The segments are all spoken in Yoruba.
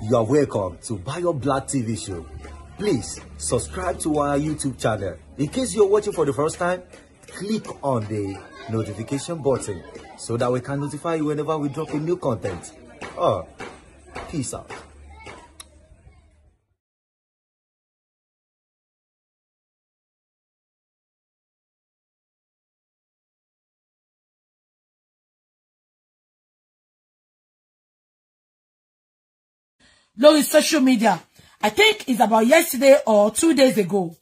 You are welcome to Bio Blood TV show. Please subscribe to our YouTube channel. In case you're watching for the first time, click on the notification button so that we can notify you whenever we drop a new content. Oh, peace out. lórí social media I think it's about yesterday or two days ago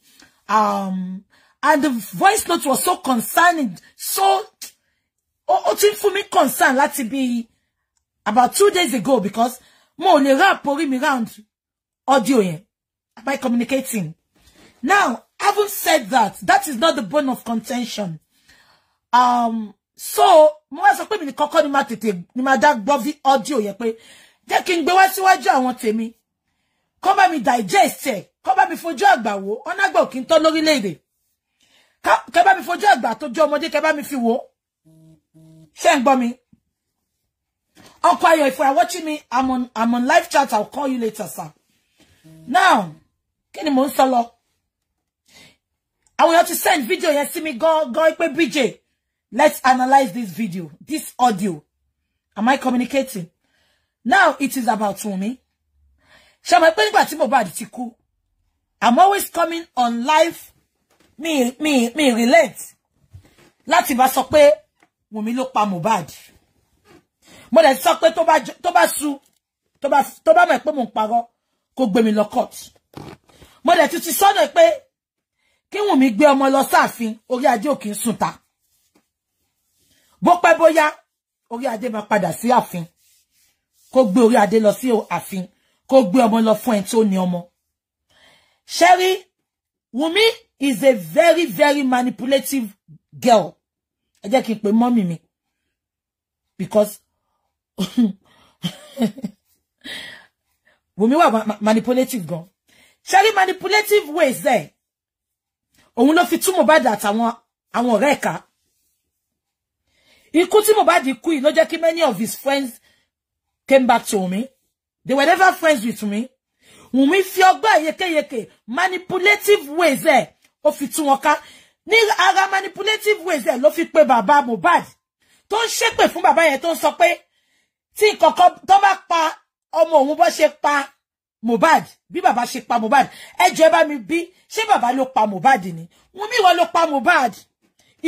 um, and the voice note was so concerning so ó ti ń fún mi concern láti be about two days ago because mo ò rap orí mi round audio yẹn by communicating now having said that that is not the bone of contention um, so mo wá sọ pé mi ní kọ́kọ́ ni máa tètè ni máa dá gbọ́ audio yẹn pé jẹ́ kí n gbé wá síwájú àwọn tèmi kọ́ bá mi digest ẹ̀ kọ́ bá mi fojú àgbà wò ọ́nàgbà òkè ń tọ́ lórílẹ̀‐èdè kẹ́ bá mi fojú àgbà tó jẹ́ ọmọdé kẹ́ bá mi fi wò ó ṣé ń gbọ́ mi ọkọ ayọ̀ if you are watching me I'm on, I'm on live chat I'll call you later sir now kí ni mò ń sọ lọ àwọn èèyàn ti send video yẹn sí mi gan gan pé BJ let's analyse this video this audio am I communicating now it is about Wunmi ṣé mo pé nígbà tí Mohbad ti kú i'm always coming on live Me, me, me. relate láti bá sọ pé Wunmi ló pa Mohbad mo dẹ̀ sọ pé tó bá tó bá su tó bá tó bá mọ̀ pé mo ń parọ́ kó gbé mi lọ court mo dẹ̀ ti ti sọ́nà pé kí Wùnmí gbé ọmọ lọ sáàfin orí ajé òkè ń sùn ta bó pẹ́ bóyá orí ajé máa padà sí ààfin kó gbé orí adé lọ sí ààfin kó gbé ọmọ lọ fún ẹni tó ní ọmọ Sherry Wumi is a very very manipulative girl ẹ jẹ́ kí n pe mọ́mì mi because Wumi wà manipulative gan Sherry manipulative ways ẹ òun ló fi tú Mohbad àtàwọn àwọn ọ̀rẹ́ ẹ̀ka ikú tí Mohbad kú yìí ló jẹ́ kí many of his friends came back to me. They were never friends with me. Wunmi fi ọgbọ́n yékéyéké manipulative ways ẹ̀ ó fi tú wọn ká. Ní ara manipulative ways eh. Lo fi pe bàbá Mohbad tó ń ṣépè fún bàbá yẹn tó ń sọ pé tí nǹkan kan tó pa Omo òun bó ṣe pa Mohbad bí bàbá ṣe pa Mohbad ẹjọ ẹ bá mi bi. ṣé bàbá ló pa Mohbad ni Wunmi wa ló pa Mohbad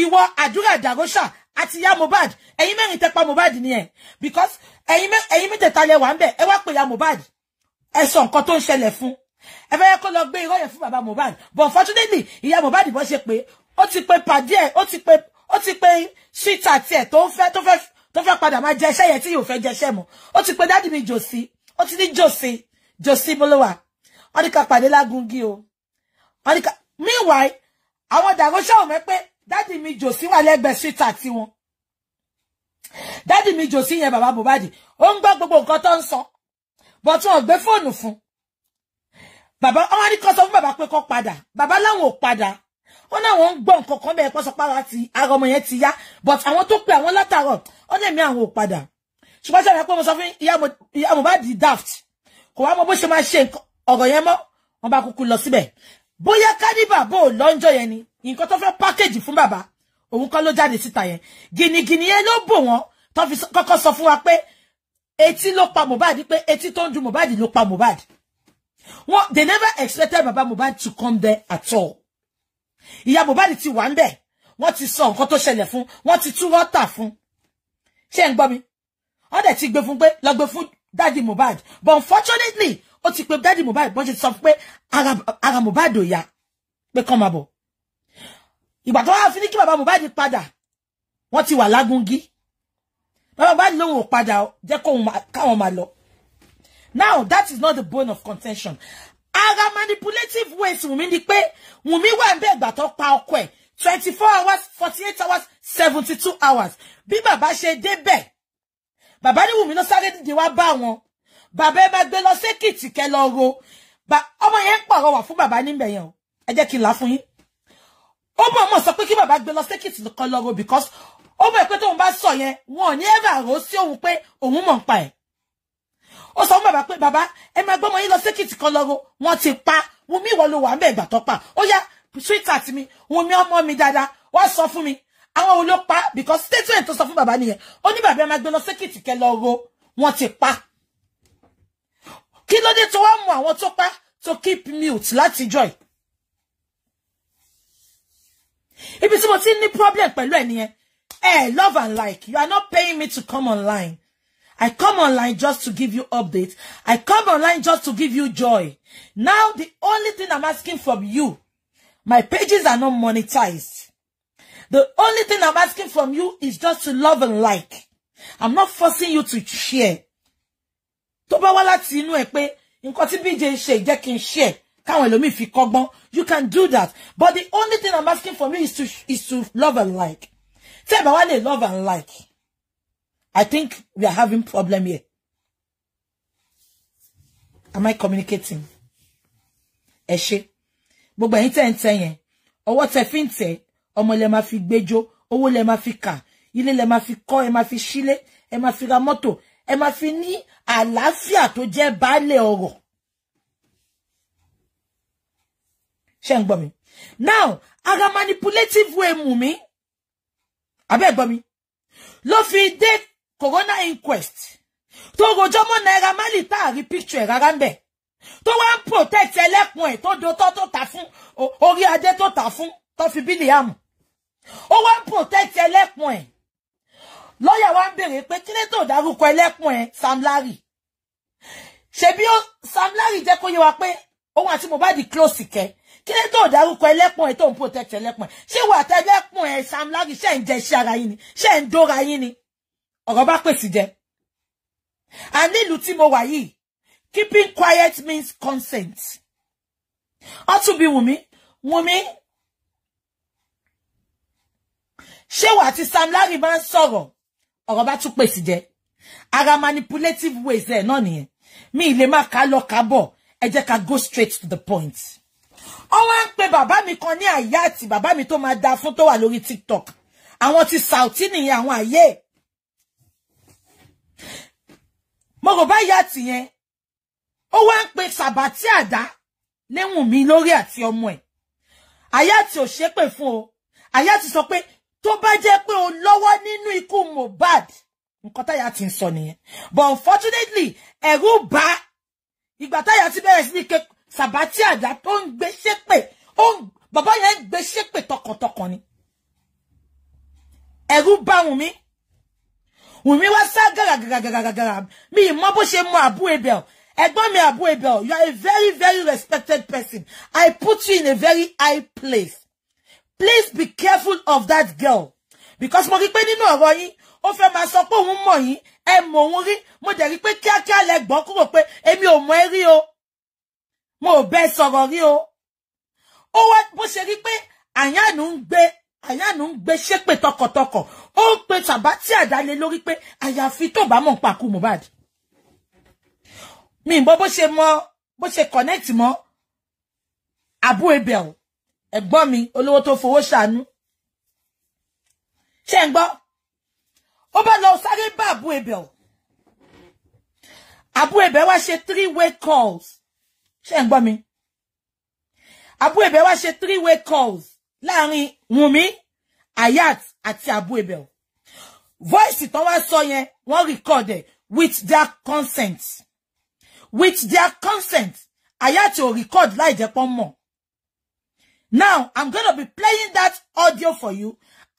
Iwa àdúrà dagosha. Ati ya Mohbad ẹ̀yin mẹ́rin tẹ́ pa Mohbad ni ẹ̀ because ẹ̀yin ẹ̀yin mẹ́tẹ̀ẹ̀ta lẹ wà ń bẹ̀ ẹ wá pè ya Mohbad ẹ sọ nǹkan tó ń ṣẹlẹ̀ fún ẹ fẹ́ kó lọ gbé irọ́ yẹn fún bàbá Mohbad but unfortunately ìyá Mohbad bọ́ ṣe pé ó ti pe pàdé ẹ̀ ó ti pe ó ti pe ṣíta tiẹ̀ tó fẹ́ tó fẹ́ tó fẹ́ padà máa jẹṣẹ́ yẹn tí yóò fẹ́ jẹṣẹ́ mọ́ ó ti pe dádì mi Josi, ó ti ní Josi jòsí bolowa wọ́n ní ká pàdé lágungi o wọ́n ní ká meanwhile àwọn dàgọ́ṣẹ́ ò mẹ́ pé dádì mi jòsí wà lẹ́gbẹ̀ẹ́ síta tiwọn dádì mi jòsí yẹn bàbá Mohbad ó ń gbọ́ gbogbo nǹkan tó ń sọ bọ́tú wọn gbé fóònù fún bàbá ọmọ ní kọ́ sọ fún bàbá pé kó padà bàbá láwọn ò padà ó náwọn ń gbọ́ nǹkan kan bẹ́ẹ̀ pọ́sọ pàrọ̀ àti ara ọmọ yẹn ti yá but àwọn tó pe àwọn látàárọ̀ ó ní ẹ̀mí àwọn ò padà ṣùgbọ́n ṣàlàyé pé mo sọ fún ìyá Mohbad daft kò wá mọ bó ṣe máa ṣe ọ̀rọ̀ yẹn mọ́ wọn bá kúkú lọ síbẹ̀ bóyá kádìbà bò lọ́njọ́ yẹn ni nǹkan tó fẹ́ package fún bàbá òun kọ́ ló jáde síta yẹn gìnìgìnì yẹn ló bò wọ́n tó fi kọ́kọ́ sọ fún wa pé etí ló pa Mohbad pé etí tó ń ju Mohbad ló pa Mohbad wọn they never expected baba Mohbad to come there at all ìyá Mohbad ti wà ń bẹ̀ wọ́n ti sọ nǹkan tó ṣẹlẹ̀ fún wọ́n ti tú wọ́tà fún ṣé ń gbọ́ mi wọ́n dẹ̀ ti gbé fún pé lọ gbé fún dádì Mohbad but unfortunately ó ti pe dádì Mohbad bọ́n ṣe sọ pé ara Mohbad ò yá pé kàn máa bọ̀ ìgbà tó wá fi ní kí bàbá Mohbad padà wọ́n ti wà lágúngí bàbá Mohbad lòun ò padà jẹ́ káwọn máa lọ now that is not the bone of contention ara manipulative ways Wùmí ni pé Wùmí wà ń bẹ ìgbà tó pa ọkọ ẹ̀ twenty four hours forty eight hours seventy two hours bí bàbá ṣe débẹ̀ bàbá ní Wùmí ló sáré dìde wá bá wọn bàbá ẹ máa gbé lọ sékìtì kẹ lọ ro ọmọ yẹn ń pàrọwà fún bàbá níbẹ̀ yẹn o ẹ jẹ́ kí n là fún yín ó mọ̀ mọ̀ sọ pé kí bàbá gbé lọ sékìtì kan lọ́rọ̀ because ó mọ̀ pé tóun bá sọ yẹn wọn ò ní ẹ̀rà rò sí òun pé òun mọ̀ ń pa ẹ̀ ó sọ fún bàbá pé bàbá ẹ máa gbọ́mọ yín lọ sékìtì kan lọ́rọ̀ wọn ti pa Wùmí ìwọ ló wà ń bẹ̀ ìgbà tó pa ó yá sweetheart mi Wùmí ọmọ mi dáadáa wá sọ fún mi àwọn wo ló pa because statement tó sọ fún bàbá nìyẹn ó ní bàbá ẹ máa gbé lọ sékìtì kẹ lọ ro wọn ti pa kí ló dé tó wá mú àwọn tó pa to keep mute láti joy ibi tí mo ti ní problem pẹ̀lú ẹ̀ nìyẹn ẹ eh, love and like you are not paying me to come online I come online just to give you updates I come online just to give you joy now the only thing I'm asking from you my pages are not monetized the only thing I'm asking from you is just to love and like I'm not forcing you to share tó bá wá láti inú ẹ pé nǹkan tí bíjẹ ń ṣe jẹ́ share káwọn ẹlòmíì fi kọ́gbọ́n you can do that but the only thing i'm asking for you is to is to love and like tẹ́ ẹ̀ bá wá lè love and like i think we are having problem here am i communicating ẹ ṣe gbogbo ẹ̀yin tẹ́ ń tẹ yẹn ọwọ́ tẹ́ fi ń tẹ ọmọ lẹ máa fi gbẹjọ owó lẹ máa fi kà ilé lẹ máa fi kọ́ ẹ máa fi sílé ẹ máa fi ra mọ́tò ẹ máa fi ní àlàáfíà tó jẹ́ baálé ọrọ̀ ṣé ń now aga manipulative way mú Abe, abẹ́ gbọ́ fi dé corona inquest tó rojọ́ mọ́ na málì tá a rí picture ẹ̀ rárá ń bẹ̀ protect elek ẹ̀ tó do tọ́ tó ta fún orí adé tó ta fún tó fi bí liam ó wá protect elek ẹ̀ lọ́yà wa ń béèrè pé kí ló tó dárúkọ ẹlẹ́kùn ẹ̀ Sam Larry ṣebí ó Sam Larry jẹ́ kó yé wa pé òun àti close kẹ́ kí lè tó dárúkọ ẹlẹ́pọ̀n ẹ̀ tó ń protect ẹlẹ́pọ̀n ẹ̀ ṣé wà tẹ ẹlẹ́pọ̀n ẹ̀ Sam Larry ṣe ń jẹ iṣẹ́ ara yín ni ṣe ń dóra yín ni ọ̀rọ̀ bá pèsè jẹ. a nílùú tí mo wà yìí keeping quiet means consent. ọtún bí Wùmí Wùmí ṣé wà tí Sam Larry máa ń sọ̀rọ̀ ọ̀rọ̀ bá tún pèsè jẹ ara manipulative ways ẹ̀ náà nìyẹn mi ì lè má ká lọ ká ẹ jẹ́ ká go straight to the point. O wá ń pe bàbá mi kan ní àyà àti bàbá mi tó máa da fún tó wà lórí tiktok àwọn ti sàùtí nìyẹn àwọn àyè mo rò bá ìyá àti yẹn ó wá ń pe sàbàtì àdá léwùn mi lórí àti ọmọ ẹ̀ àyà àti ò ṣépè fún o àyà àti sọ pé tó bá je pé o lọ́wọ́ nínú ikú Mohbad nǹkan táyà ti ń sọ nìyẹn but unfortunately ẹ̀rù bà ìgbà táyà ti bẹ̀rẹ̀ sí ní kékeré Sàbátì Àjá tó ń gbé ṣépè ó ń bàbá yẹn ń gbé ṣépè tọkàntọkàn ni ẹ̀rù bá Wùnmí Wùnmí wá sá gàràgàràgàràgàrà mi ì mọ bó ṣe mọ àbú ebel ẹ̀gbọ́n mi àbú ebel you are a very very respected person I put you in a very high place please be careful of that girl because mo rí pé nínú ọ̀rọ̀ yín ó fẹ́ máa sọ pé òun mọ̀ yín ẹ mọ̀ òun rí mo dẹ̀ rí pé kíákíá lẹ gbọ́ kúrò pé èmi ò mọ̀ ẹ́ rí o mo ò bẹ́ sọ̀rọ̀ rí o ó wá bó ṣe rí pé àyànnú ń gbé àyànnú ń gbé ṣépè tọkàntọkàn ó ń pe Sàbátì Àdàlẹ lórí pé àyàfi tó bá mọ̀ ń pàkú Mohbad mi bọ́ bó ṣe mọ bó ṣe connect mọ́ Abu Ebel ẹ̀gbọ́n mi olówó tó fowó ṣàánú ṣe ń gbọ́ ó bá lọ sáré bá Abu Ebel Abu Ebel wá ṣe three way calls ṣé ń gbọ́ mi abu ebel wá ṣe three way calls láàrin wùnmí ayat àti abu ebel voice tán wá sọ yẹn wọ́n record ẹ̀ with their consent with their consent ayat ò record láì jẹ́ pọ́n mọ̀ now i'm gonna be playing that audio for you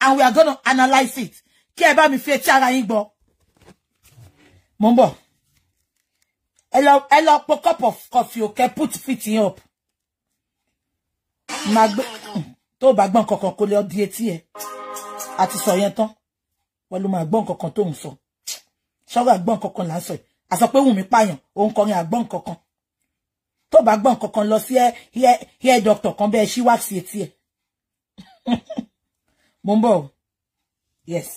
and we are gonna analyse it kí ẹ bá mi fi etí ara yín gbọ́ mo ń bọ̀ ẹ lọ ẹ cup of coffee òkè put feet in up máa gbé tó o bá gbọ́n kankan kó lè ọ di etí ẹ àti sọ yẹn tán wọ́n ló máa gbọ́n kankan tó ń sọ ṣọ́wọ́ àgbọ́n kankan là ń sọ yìí àsọ pé wùmí pààyàn òun kọrin àgbọ́n kankan tó o bá gbọ́n kankan lọ sí ẹ dọ́kítọ̀ kan bẹ́ẹ̀ ṣí wáàsì etí yes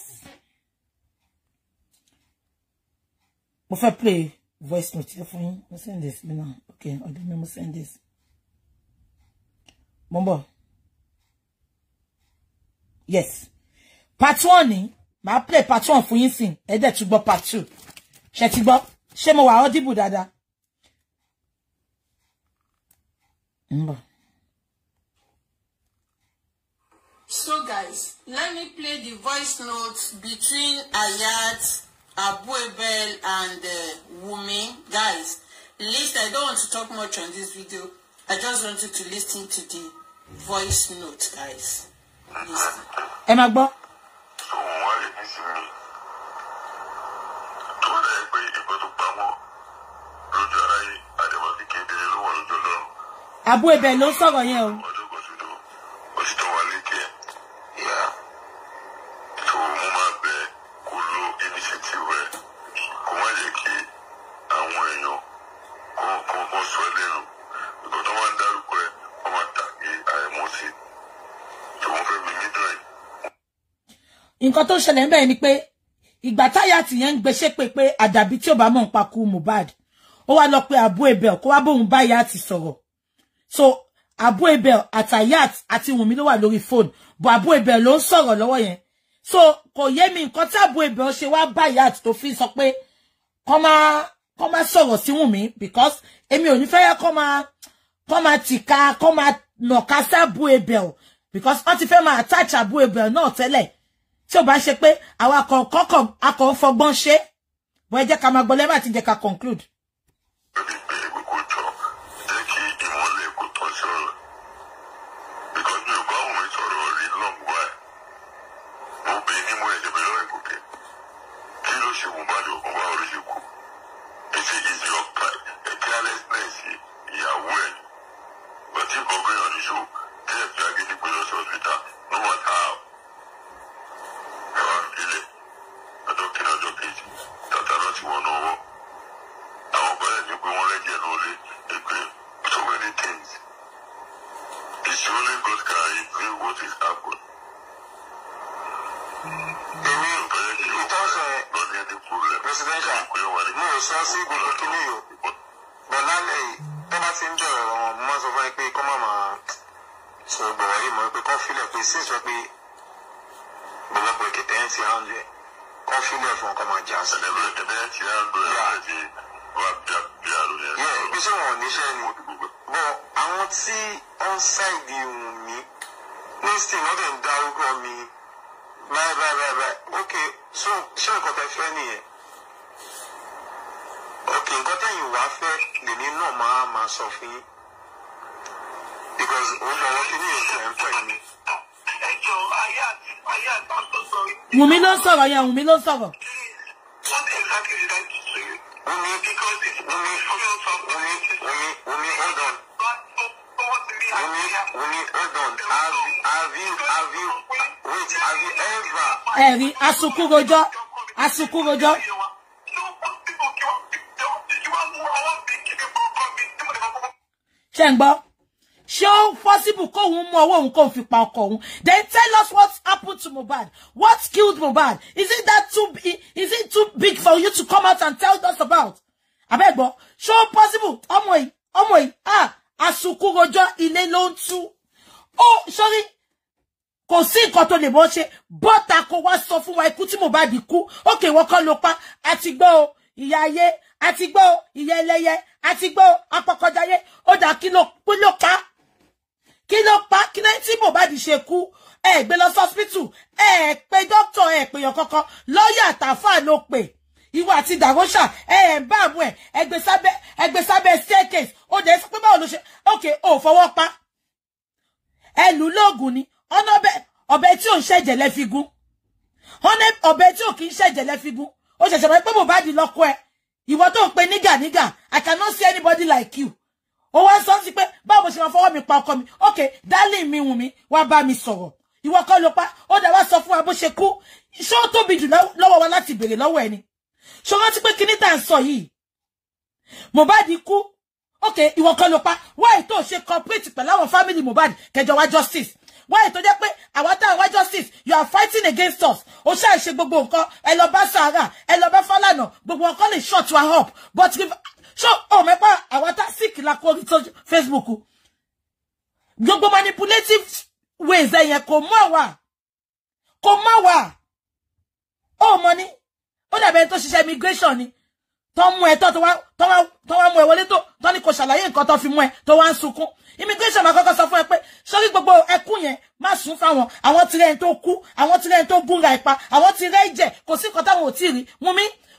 mo fẹ́ play voice note yẹn fún yín send this me now. Okay, ọdún mi mo send this mo yes part one ni play part one for yín sìn ẹ dẹ̀ tún part two ṣe ti gbọ́ ṣé mo wà audible dáadáa ń bọ̀. So guys, let me play the voice notes between Ayat Abuebel and uh, Wumi. Guys, List. I don't want to talk much on this video. I just wanted to listen to the voice note, guys. Listen. Ẹ máa gbọ́. Abuebel ló sọ̀rọ̀ yẹn nǹkan tó ṣẹlẹ̀ ńbẹ̀ ni pé ìgbà táyà tìyẹn ń gbéṣẹ́ pé pé àdàbí tí ò bá mọ̀ ń pakú Mohbad ó wá lọ pé àbú ebel kó wá bóun bá ìyá sọ̀rọ̀ so abu ebel àtàyàt àti wùnmí ló wà lórí fóònù bọ àbú ebel ló ń sọ̀rọ̀ lọ́wọ́ yẹn so kò yé mi nǹkan tí àbú ebel ṣe wá bá ìyá àti tó fi sọ pé kọ́ máa kọ́ máa sọ̀rọ̀ sí wùnmí because èmi ò ní fẹ́ yẹ kọ́ máa kọ́ máa tìka kọ́ máa nàka sí àbú ebel because wọ́n ti fẹ́ máa attach àbú ebel náà tẹ́lẹ̀ tí ò bá ṣe pé àwọn akọ̀kọ̀kọ̀ akọ̀fọgbọ́n ṣe wọ́n ẹ jẹ́ ká máa gbọ́ lẹ́bàá àti jẹ́ ká conclude. But you go on the show, they have to get the police hospital, no matter how lọ́wọ́ délẹ̀ so many things it's only God can reveal what is happen. presidential mi ò sọ sí gbogbo kíní o bọ̀dá lẹ́yìn tó bá ti ń jọ̀rọ̀ wọn mo máa sọ fún ẹ pé kó má gbogbo ekitensi anze confidence wọn kọ ma jẹ asa. ẹnlẹ bẹrẹ tẹmẹ ẹ ti yára lóye ẹ ti wà bíà bíà lóye. yẹ ibi tí wọn ò níṣẹ́ ni bọ àwọn tí wọn ṣáìdì wùn mí nísìnyí wọn kàn dárúkọ mi báyìí báyìí báyìí báyìí ok so ṣé nǹkan tẹ́ fẹ́ nìyẹn ok nǹkan tẹ̀yìn wá fẹ́ lèmi náà man, máa because òun mọ̀ wọ́n fi ní ìlú ẹ̀ ń ẹjọ́ ayé àti ayé àgbà tó Wùmí ló ń sọ̀rọ̀ yẹn, Wùmí ló ń sọ̀rọ̀. hold on. Wùmí hold on. Have, you have you have you ever. Ẹ̀rí asukú rojọ́ asukú rojọ́. Ṣé ń gbọ́? ṣé ó possible kóun mú ọwọ́ òun kóun fi pa ọkọ òun then tell us what happened to Mohbad what killed Mohbad is it that too is it too big for you to come out and tell us about abẹ́gbọ́ ṣé ó possible ọmọ yìí ọmọ yìí ah àsùnkú rojọ́ ilé ló ń tú ó sọ́rí kò sí nǹkan tó lè mọ́ ṣe bọ́ta kò wá sọ fún wa ikú tí Mohbad kú òkè wọ́n kọ́ ló pa àti gbọ́ o ìyá ayé àti gbọ́ o ìyá ẹlẹ́yẹ àti gbọ́ o apọ̀kọjáyé ó dà kí ló pa kí ló pa kí lẹ́yìn tí Mohbad ṣe kú ẹ gbé lọ sọ́spítù ẹ pé dókítà ẹ pèèyàn kankan lọ́ọ̀yà àtàfà ló pè ìwà àti dàgọ́ṣà ẹ ẹ̀ ń bá àwọn ẹ̀ ẹgbẹ́ sábẹ́ ẹgbẹ́ sábẹ́ staircase ó dẹ̀ sọ pé báwo ló ṣe ok ò fọwọ́ pa ẹ lù lóògùn ni ọ̀nà ọ̀bẹ tí ò ń ṣẹ̀jẹ̀ lẹ́ fi gún ọ̀nà ọ̀bẹ tí ò kì í ṣẹ̀jẹ̀ lẹ́ fi gún ó ṣẹ̀ṣẹ̀ mọ̀ pé Mohbad lọ́kọ ẹ̀ ìwọ tó ń pe nígà nígà I cannot see anybody like you O wá sọ sí pé báwo ṣe máa fọwọ́ mi pa ọkọ mi ok dálé mi wùn mí wá bá mi sọ̀rọ̀ ìwọ kọ́ ló pa ó dá wá sọ fún wa bó ṣe kú ṣé ó tóbi jù lọ́wọ́ wa láti béèrè lọ́wọ́ ẹni ṣé rántí pé kíní tá à ń sọ yìí Mohbad kú ok ìwọ kọ́ ló pa wáyé tó ṣe complete pẹ̀lú àwọn family Mohbad kẹjọ wá justice wáyé tó jẹ́ pé àwa tá àwa justice you are fighting against us ó ṣàìṣe gbogbo nǹkan ẹ lọ bá sahara ẹ lọ bá Fálànà gbogbo nǹkan lè shut wa up but ṣó ọ̀mẹ́pà àwátá sick la kó orí Facebook gbogbo manipulative ways ẹ̀yẹn kò mú àwà kò mú àwà ó mọ ni ó dàbí ẹni tó ṣiṣẹ́ immigration ni tó mú ẹ tó tó wá tó wá mú ẹ wọlé tó tó ní kò ṣàlàyé nǹkan tó fi mú ẹ tó wá ń sunkún immigration máa kọ́kọ́ sọ fún ẹ pé sórí gbogbo ẹkún yẹn má sùn fáwọn àwọn tirẹ̀ tó kú àwọn tirẹ̀ tó búra ẹ̀ pa àwọn tirẹ̀ ìjẹ̀ kò sí nǹkan táwọn ò tí ì rí mú mi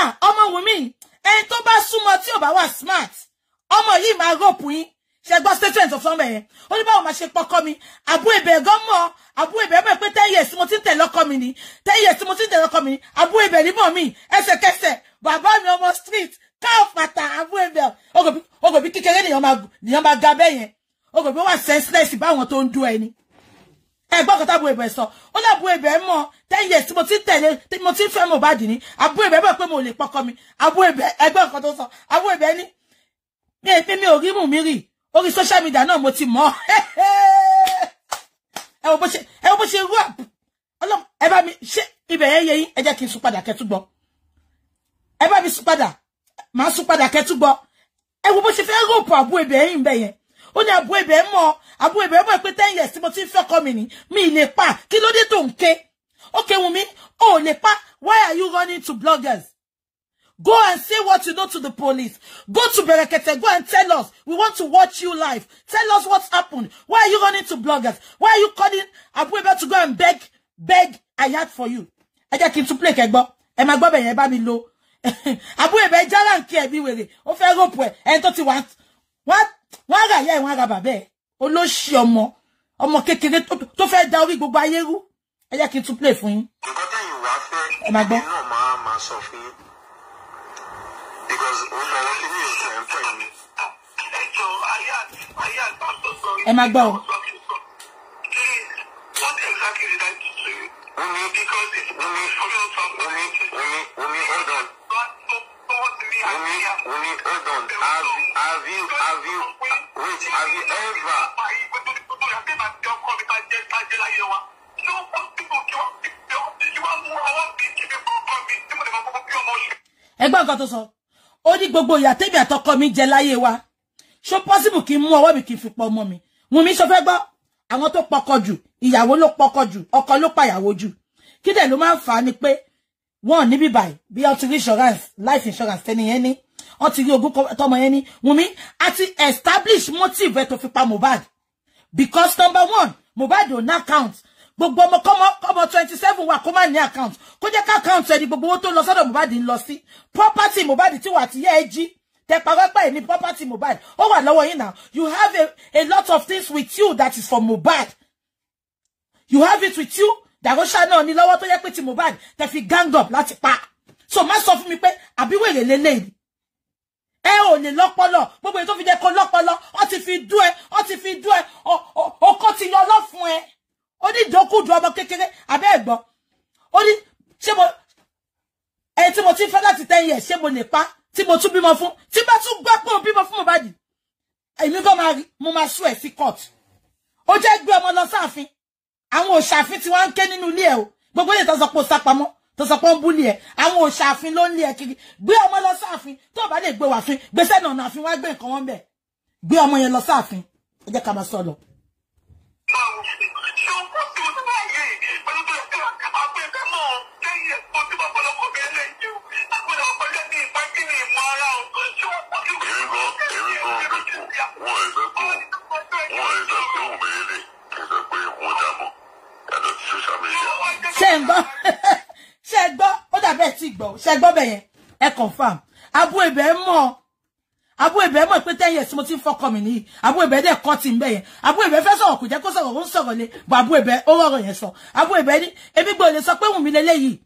ah ọmọ Wùmí ẹni tó bá súnmọ́ tí ò bá wà smart ọmọ yìí máa rọ́ọ̀pù yín ṣe gbọ́ statement of ọmọ yẹn ó ní báwo máa ṣe pọkọ mi àbú ìbẹ̀ gan mọ̀ àbú ìbẹ̀ mọ̀ pé ten years tí mo ti ń tẹ̀lé ọkọ mi ni ten years tí mo ti ń tẹ̀lé ọkọ mi ni àbú ìbẹ̀ ní mọ̀ mi ẹsẹ̀kẹsẹ̀ bàbá mi ọmọ street káà pàtà àbú ìbẹ̀ ògòbí kékeré nìyẹn máa ga bẹ́ẹ̀ yẹn ògòbí wà senseless báwọn tó ń dún ẹni ẹgbọ́n kan tábù ẹ̀bẹ̀ sọ ó lábù ẹ̀bẹ̀ mọ̀ ten years tí mo ti tẹ̀lé tí mo ti fẹ́ Mohbad ní àbú ẹ̀bẹ̀ bọ̀ pé mo lè pọkọ mi àbú ẹ̀bẹ̀ ẹgbọ́n kan tó sọ àbú ẹ̀bẹ̀ ní mi èmi mi ò rí mù mí rì orí social media náà mo ti mọ̀ ẹ wo bó ṣe ẹ wo bó ṣe rú àpò ọlọ́mọ ẹ bá mi ṣe ibẹ̀ yẹn yẹ yín ẹ jẹ́ kí n sún padà kẹ́tù gbọ́ ẹ bá mi sún padà màá sún padà kẹ́tù gbọ́ ẹ wo bó ṣe fẹ́ rọ́ọ̀pù àbú ẹ̀bẹ̀ yín bẹ́yẹn ó ní àbú ìbẹ̀ mọ̀ àbú ìbẹ̀ mọ̀ pé ten years tí mo ti ń fẹ́ mi ni mi lè pa kí ló dé tó ń ké okay Wunmi o ò lè pa why are you running to bloggers go and say what you know to the police go to Berekete go and tell us we want to watch you live tell us what's happened why are you running to bloggers why are you calling àbú ìbẹ̀ to go and beg beg I ayat for you ẹ jẹ́ kí n tún play kẹgbọ́ ẹ máa gbọ́ bẹ̀yẹn bá mi lo àbú ìbẹ̀ jálàǹkì ẹ̀mí wèrè ó fẹ́ rọ́pù ẹ̀ ẹni tó ti wá What? wọ́n á rà yá ẹ̀ bàbá ẹ̀ olóṣì ọmọ ọmọ kékeré tó fẹ́ da orí gbogbo ayé rú ẹ jẹ́ kí n tún play fún yín. ẹ máa gbọ́. ẹ máa gbọ́ o. Never. ẹgbẹ́ nǹkan tó sọ ó ní gbogbo ìyà tèmi àtọkọ mi jẹ láyé wa ṣó pọ́sibù kí n mú ọwọ́ mi kí n fi pọ ọmọ mi Wùnmí sọ fẹ́ gbọ́ àwọn tó pọkọ jù ìyàwó ló pọkọ jù ọkọ ló pàyàwó jù kí dẹ̀ ló máa ń fà á ni pé wọ́n níbí báyìí bí ọtí insurance life insurance tẹ́niyẹn ní wọ́n ti rí ogún tọmọ yẹn ní Wùmí a ti establish motive ẹ̀ tó fi pa Mohbad because number one Mohbad ò ní account gbogbo ọmọ kọmọ twenty seven wa kó má ní account kó jẹ́ ká account ẹni gbogbo owó tó lọ sọ́dọ̀ Mohbad ń lọ sí property Mohbad tí wà á ti yẹ ẹ jí tẹpàwẹ́pà ní property Mohbad ó wà lọ́wọ́ yín now you have a, a lot of things with you that is for Mohbad you have it with you dàgọ́ṣà náà ní lọ́wọ́ tó yẹ pé ti Mohbad tẹ fi gang up láti pa so má sọ fún mi pé àbí wèrè lélẹ́yìn ẹ ò lè lọ́pọlọ gbogbo èyí tó fi jẹ́ kó lọ́pọlọ ọ ti fi dú ẹ ọ ti fi dú ẹ ọkọ ti yọ ọlọ́fun ẹ ó ní ìdókùdù ọmọ kékeré abẹ́ ẹ̀gbọ́n ó ní ṣé mo ẹni tí mo ti fẹ́ láti ten years ṣé mo lè pa tí mo tún bímọ fún tí bá tún gbọ́ pé mo bímọ fún Mohbad èmi kò máa mo máa sún ẹ̀ sí court ó jẹ́ gbé ọmọ lọ sáàfin àwọn òṣàfin tí wọ́n ń ké nínú ilé ẹ̀ o gbogbo èyí tó sọ pé ó sá pamọ́ tó sọ pé ó ń búlì ẹ̀ àwọn òṣàfin ló ń lé ẹ̀ kiri gbé ọmọ lọ sáàfin lè gbé wá fín gbèsè náà náà fín wá gbé nǹkan wọn bẹ̀ gbé ọmọ yẹn lọ sáàfin ẹ jẹ́ ká máa sọ lọ. ṣe gbọ́ ṣe gbọ́ ó dàbẹ́ tí gbọ́ ṣe gbọ́ bẹ̀yẹn ẹ confam Abu ìbẹ́ mọ̀ abú ìbẹ́ mọ̀ pé ten years mo ti ń fọkọ mi nìyí abú ìbẹ́ dẹ̀ kọ́ ti ń bẹ̀ yẹn abú ìbẹ́ fẹ́ sọ̀rọ̀ kò jẹ́ kó sọ̀rọ̀ ó ń sọ̀rọ̀ lé bọ̀ abú ìbẹ́ ó rọ̀rọ̀ yẹn sọ abú ìbẹ́ ní èmi gbọ́dọ̀ lè sọ pé wùn mí lélẹ́yìí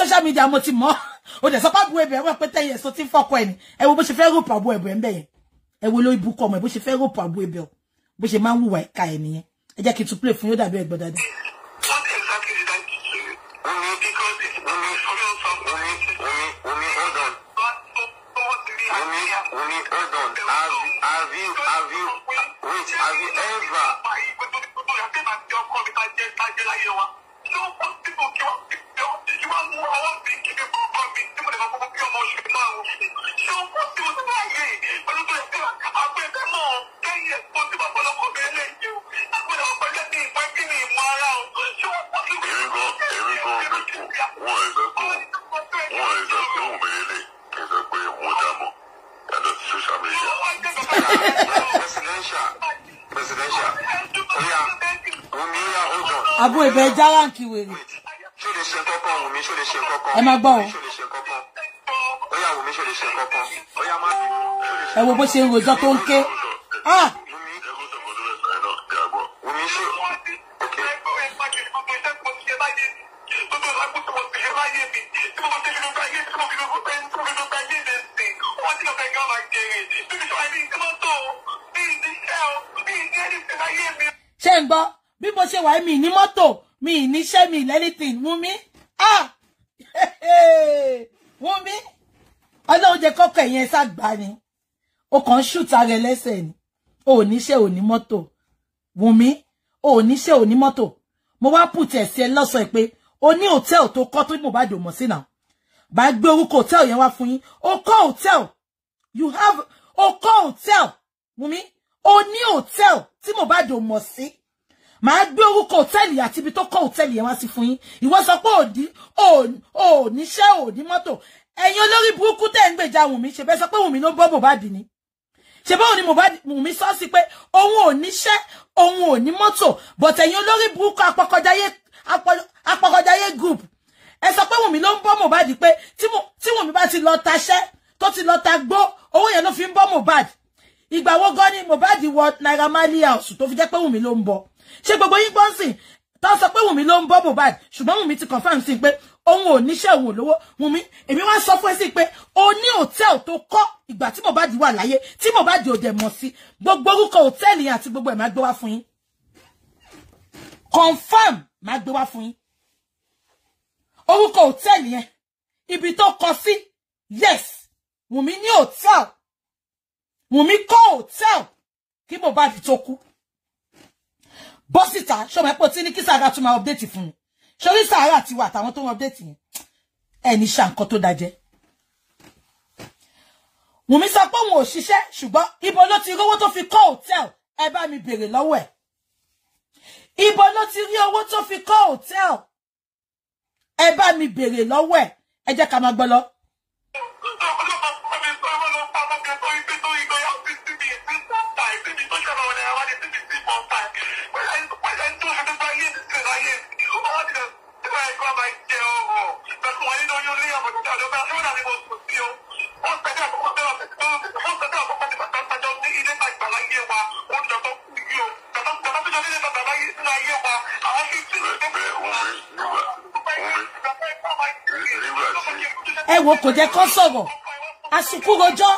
social media mo ti mọ̀ o dẹ̀ sọ pé abú ìbẹ́ mọ̀ pé ten years mo ti ń fọkọ ẹ̀ ni ẹ wo bó ṣe fẹ́ rúpọ̀ abú ìbẹ́ ń bẹ̀ yẹn ẹ wo lórí bukọ ọmọ ẹ bó ṣe fẹ́ rúpọ̀ abú ìbẹ́ bó ṣe máa ń wùwà ẹ̀ka ẹ̀ nìyẹn ẹ jẹ́ kí n tún play fún yóò dàbí ẹ̀gbọ́n dáadáa. we hold on. Have, have you, have you, wait, have you ever? Wọ́n ẹ̀sẹ̀ tó wọ́n ẹ̀sẹ̀ tó wọ́n mẹ́lẹ̀ ẹ̀sẹ̀ pé wọ́n dá mọ̀ that is social media. Presidential. Presidential. Oya. Wumi ya hold on. Abo ebe jalan ki wèrè. Ṣé o lè ṣe kọ́kọ́ Ẹ máa gbọ́ o. Ẹ wo bó ṣe ń rojọ́ tó ń ké. Ah! ṣe wà mí ní mọ́tò mi ní iṣẹ́ mi lẹ́nìtìn Wúnmi ah Wúnmi ọlọ́run jẹ́ kọ́kọ́ ẹ̀yẹn ṣàgbá ni o kàn ń ṣùtà rẹ lẹ́sẹ̀ ni o ò níṣẹ́ ò ní mọ́tò Wúnmi o ò níṣẹ́ ò ní mọ́tò mo wá pùtẹ̀ sí ẹ lọ́sọ̀ọ́ pé o ní hòtẹ́ẹ̀lì tó kọ́ tó Mohbad ò mọ̀ sí náà bá gbé orúkọ hòtẹ́ẹ̀lì yẹn wá fún yín o kọ́ hòtẹ́ẹ̀lì you have o kọ́ hòtẹ́ẹ̀lì Wúnmi o ní hòtẹ́ẹ̀lì tí Mohbad ò mọ̀ sí màá gbé orúkọ hòtẹ́ẹ̀lì àti ibi tó kọ́ hòtẹ́ẹ̀lì yẹn wá sí fún yín ìwọ sọ pé òdí òníṣẹ́ òdí mọ́tò ẹ̀yin olórí burúkú tẹ̀ ń gbèjà Wùnmí ṣe bẹ́ẹ̀ sọ pé Wùnmí ló bọ́ Mohbad ni ṣe báwo ni Wùnmí sọ sí pé òun ò níṣẹ́ òun ò mọ́tò but ẹ̀yin olórí burúkú apọkọjáyé group ẹ sọ pé Wùnmí ló ń bọ́ Mohbad pé tí Wùnmí bá ti lọ taṣẹ́ tó ti lọ ta gbó owó yẹn ló fi ń bọ́ Mohbad ìgbà wo gan ni Mohbad wọ Naira Marley house tó fi jẹ́ pé Wùnmí ló ń bọ́ ṣé gbogbo yín gbọ́n sìn tó sọ pé Wùmí ló ń bọ́ Mohbad ṣùgbọ́n Wùmí ti confirm sí pé òun ò níṣẹ́ òun lówó Wùmí èmi wá sọ fún ẹ sí pé o ní hòtẹ́ẹ̀lì tó kọ́ ìgbà tí Mohbad wà láyé tí Mohbad ò dẹ̀ mọ̀ sí gbogbo orúkọ hòtẹ́ẹ̀lì yẹn àti gbogbo ẹ̀ máa gbé wá fún yín confirm máa gbé wá fún yín orúkọ hòtẹ́ẹ̀lì yẹn ibi tó kọ sí yes Wùmí ní hòtẹ́ẹ̀lì Wùmí kọ́ hòtẹ́ẹ̀lì kí Mohbad tó kú bọ́ síta ṣọmọ ẹ̀pọ̀ tí ní kí sàárà tún máa update fún mi ṣorí sàárà ti wà táwọn tó ń update yẹn ẹ̀ ní ṣàǹkan tó dájẹ́. Wùmí sọ pé òun ò ṣiṣẹ́ ṣùgbọ́n ibo ló ti rówó tó fi kọ́ hòtẹ́ẹ̀lì ẹ bá mi bèrè lọ́wọ́ ẹ̀. Ibo ló ti rí owó tó fi kọ́ hòtẹ́ẹ̀lì ẹ bá mi bèrè lọ́wọ́ ẹ̀ ẹ jẹ́ ká máa gbọ́ lọ. ẹ̀kọ́ bá jẹ ọ̀rọ̀ ìgbẹ́kùn wọn nínú oyún ní ọ̀rọ̀ ìjà ló bá tó wà nínú oṣù tí ó wọ́n pẹ̀lú ẹ wo kò jẹ́ kó sọ̀rọ̀ àsìkò rojọ́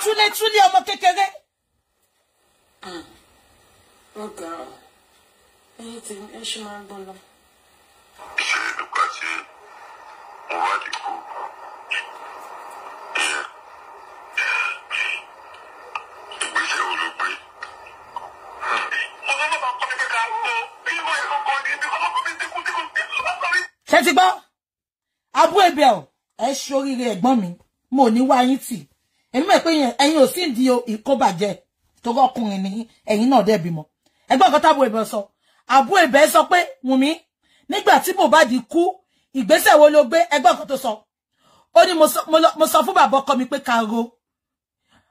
túlétúlé ọmọ kékeré. Ah, ọ̀gá ẹ̀yin tèmi ẹ ṣe máa ń gbọ́ lọ ìṣẹ̀lẹ̀ ló pa sí Mohbad kú ìgbésẹ̀ wo ló gbé. ṣé ti gbọ́ abú ebè ọ̀ ẹ ṣoríire ẹ̀gbọ́n mi mo ní wá yín tì èmi mọ̀ pé ẹ̀yin ò sí di ìkóbàjẹ́ tó gọ́kùnrin ní ẹ̀yin náà dẹ̀ bímọ ẹgbẹ́ ọ̀gá tábù ebè sọ abú ebè sọ pé Wùnmí nígbà tí Mohbad kú ìgbésẹ̀ wo ló gbé ẹgbẹ́ ọ̀kan tó sọ ó ní mo sọ fún bàbá ọkọ mi pé ká ro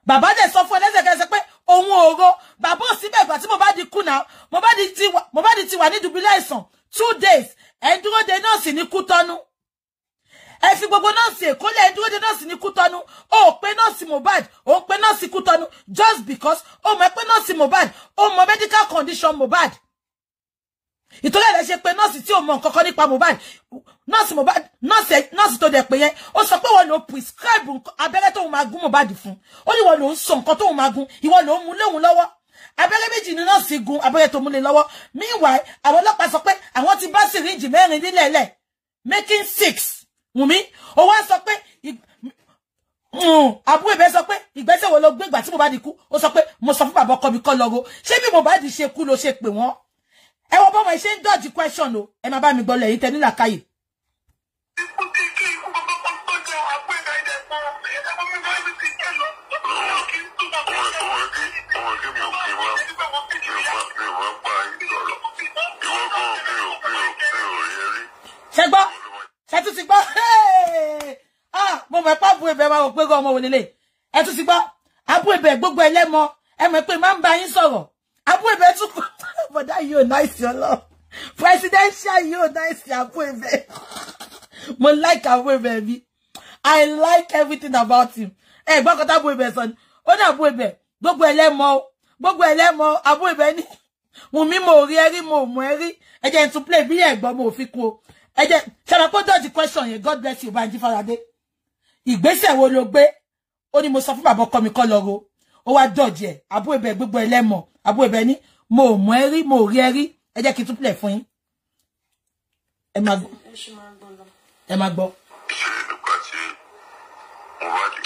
bàbá dẹ̀ sọ fún ẹlẹ́sẹ̀kẹsẹ̀ pé òun ò ro bàbá òsínbẹ̀ ìgbà tí Mohbad kú náà Mohbad ti wà ní dùbúlẹ̀ àìsàn two days ẹ̀ ń dúró de nọ́ọ̀sì ní Kútọ́nú ẹ fi gbogbo nọ́ọ̀sì èkó lẹ́ẹ̀ dúró de nọ́ọ̀sì ní kútọ́nú ó pe nọ́ọ̀sì Mohbad ó pe nọ́ọ̀sì kútọ́nú just because ó mọ̀ pé nọ́ọ̀sì Mohbad ó mọ̀ medical condition Mohbad ìtọ́lẹ̀ rẹ̀ ṣe pé nọ́ọ̀sì tí ò mọ nǹkan kan nípa mobile nọ́ọ̀sì Mohbad nọ́ọ̀sì tó dẹ̀ pé yẹn ó sọ pé wọ́n ló prescribe abẹ́rẹ́ tóun máa gún mobile fún ó ní wọ́n ló ń sọ nǹkan tóun máa gún ìwọ ló ń mú léhun lọ́wọ́ abẹ́rẹ́ méjì ni nọ́ọ̀sì gún abẹ́rẹ́ tó múlẹ̀ lọ́wọ́ meanwhile àwọn ọlọ́pàá sọ pé àwọn ti bá sìríǹjì mẹ́rin nílẹ̀ẹ́lẹ̀ making six wùmí ó wá sọ pé mm, àbúrò ìbẹ́ sọ pé ìgbésẹ̀ wo ló gbé ìgbà tí Mohbad kú ó sọ pé mo sọ fún bàbá ọkọ mi kọ́ lọ́rọ́ ṣé bí Mohbad ṣe kú ló ṣe pè wọ́n ẹ wọ bọ́mọ ṣe ń dodge question o ẹ máa bá mi gbọ́ lẹ́yìn tẹ́ nílà káyè. ṣe gbọ́ ṣe tún ti gbọ́ ah, mo mọ̀ pé àbúrò ìbẹ̀rẹ̀ máa wò pé kọ́ ọmọ wò lélẹ̀ ẹ tún ti gbọ́ àbúrò ìbẹ̀rẹ̀ gbogbo ẹlẹ́mọ ẹ mọ̀ pé máa ń bá yín sọ̀rọ̀ àbúrò ìbẹ̀rẹ̀ tún kọ́ bọ̀dá you nice your love, presidential you nice your àpò ìfẹ́ mo like our ìfẹ́ baby, i like everything about him ẹ gbọ́ kọ́tà àpò boy sọ ni ó ní àpò ìfẹ́ gbogbo ẹlẹ́mọ gbogbo ẹlẹ́mọ àpò ìfẹ́ ni wùmí mo rí ẹrí mo mọ ẹrí ẹ jẹ́ n tún play bí ẹ̀gbọ́n mo fi kú o ẹ jẹ́ ṣẹlẹ̀ pé the question here? god bless you Banji Faraday ìgbésẹ̀ wo ló gbé ó ní mo sọ fún bàbá ọkọ mi kọ́ lọ ro ó wá dọ̀jẹ̀ àbúrò ibẹ̀ gbogbo ẹlẹ́mọ̀ àbúrò ibẹ̀ ní mo ò mọ̀ ẹ́ rí mo ò rí ẹ rí ẹ jẹ́ kí n tún plẹ̀ fún yín ẹ máa gbọ́. ẹ máa gbọ́. ìṣòro di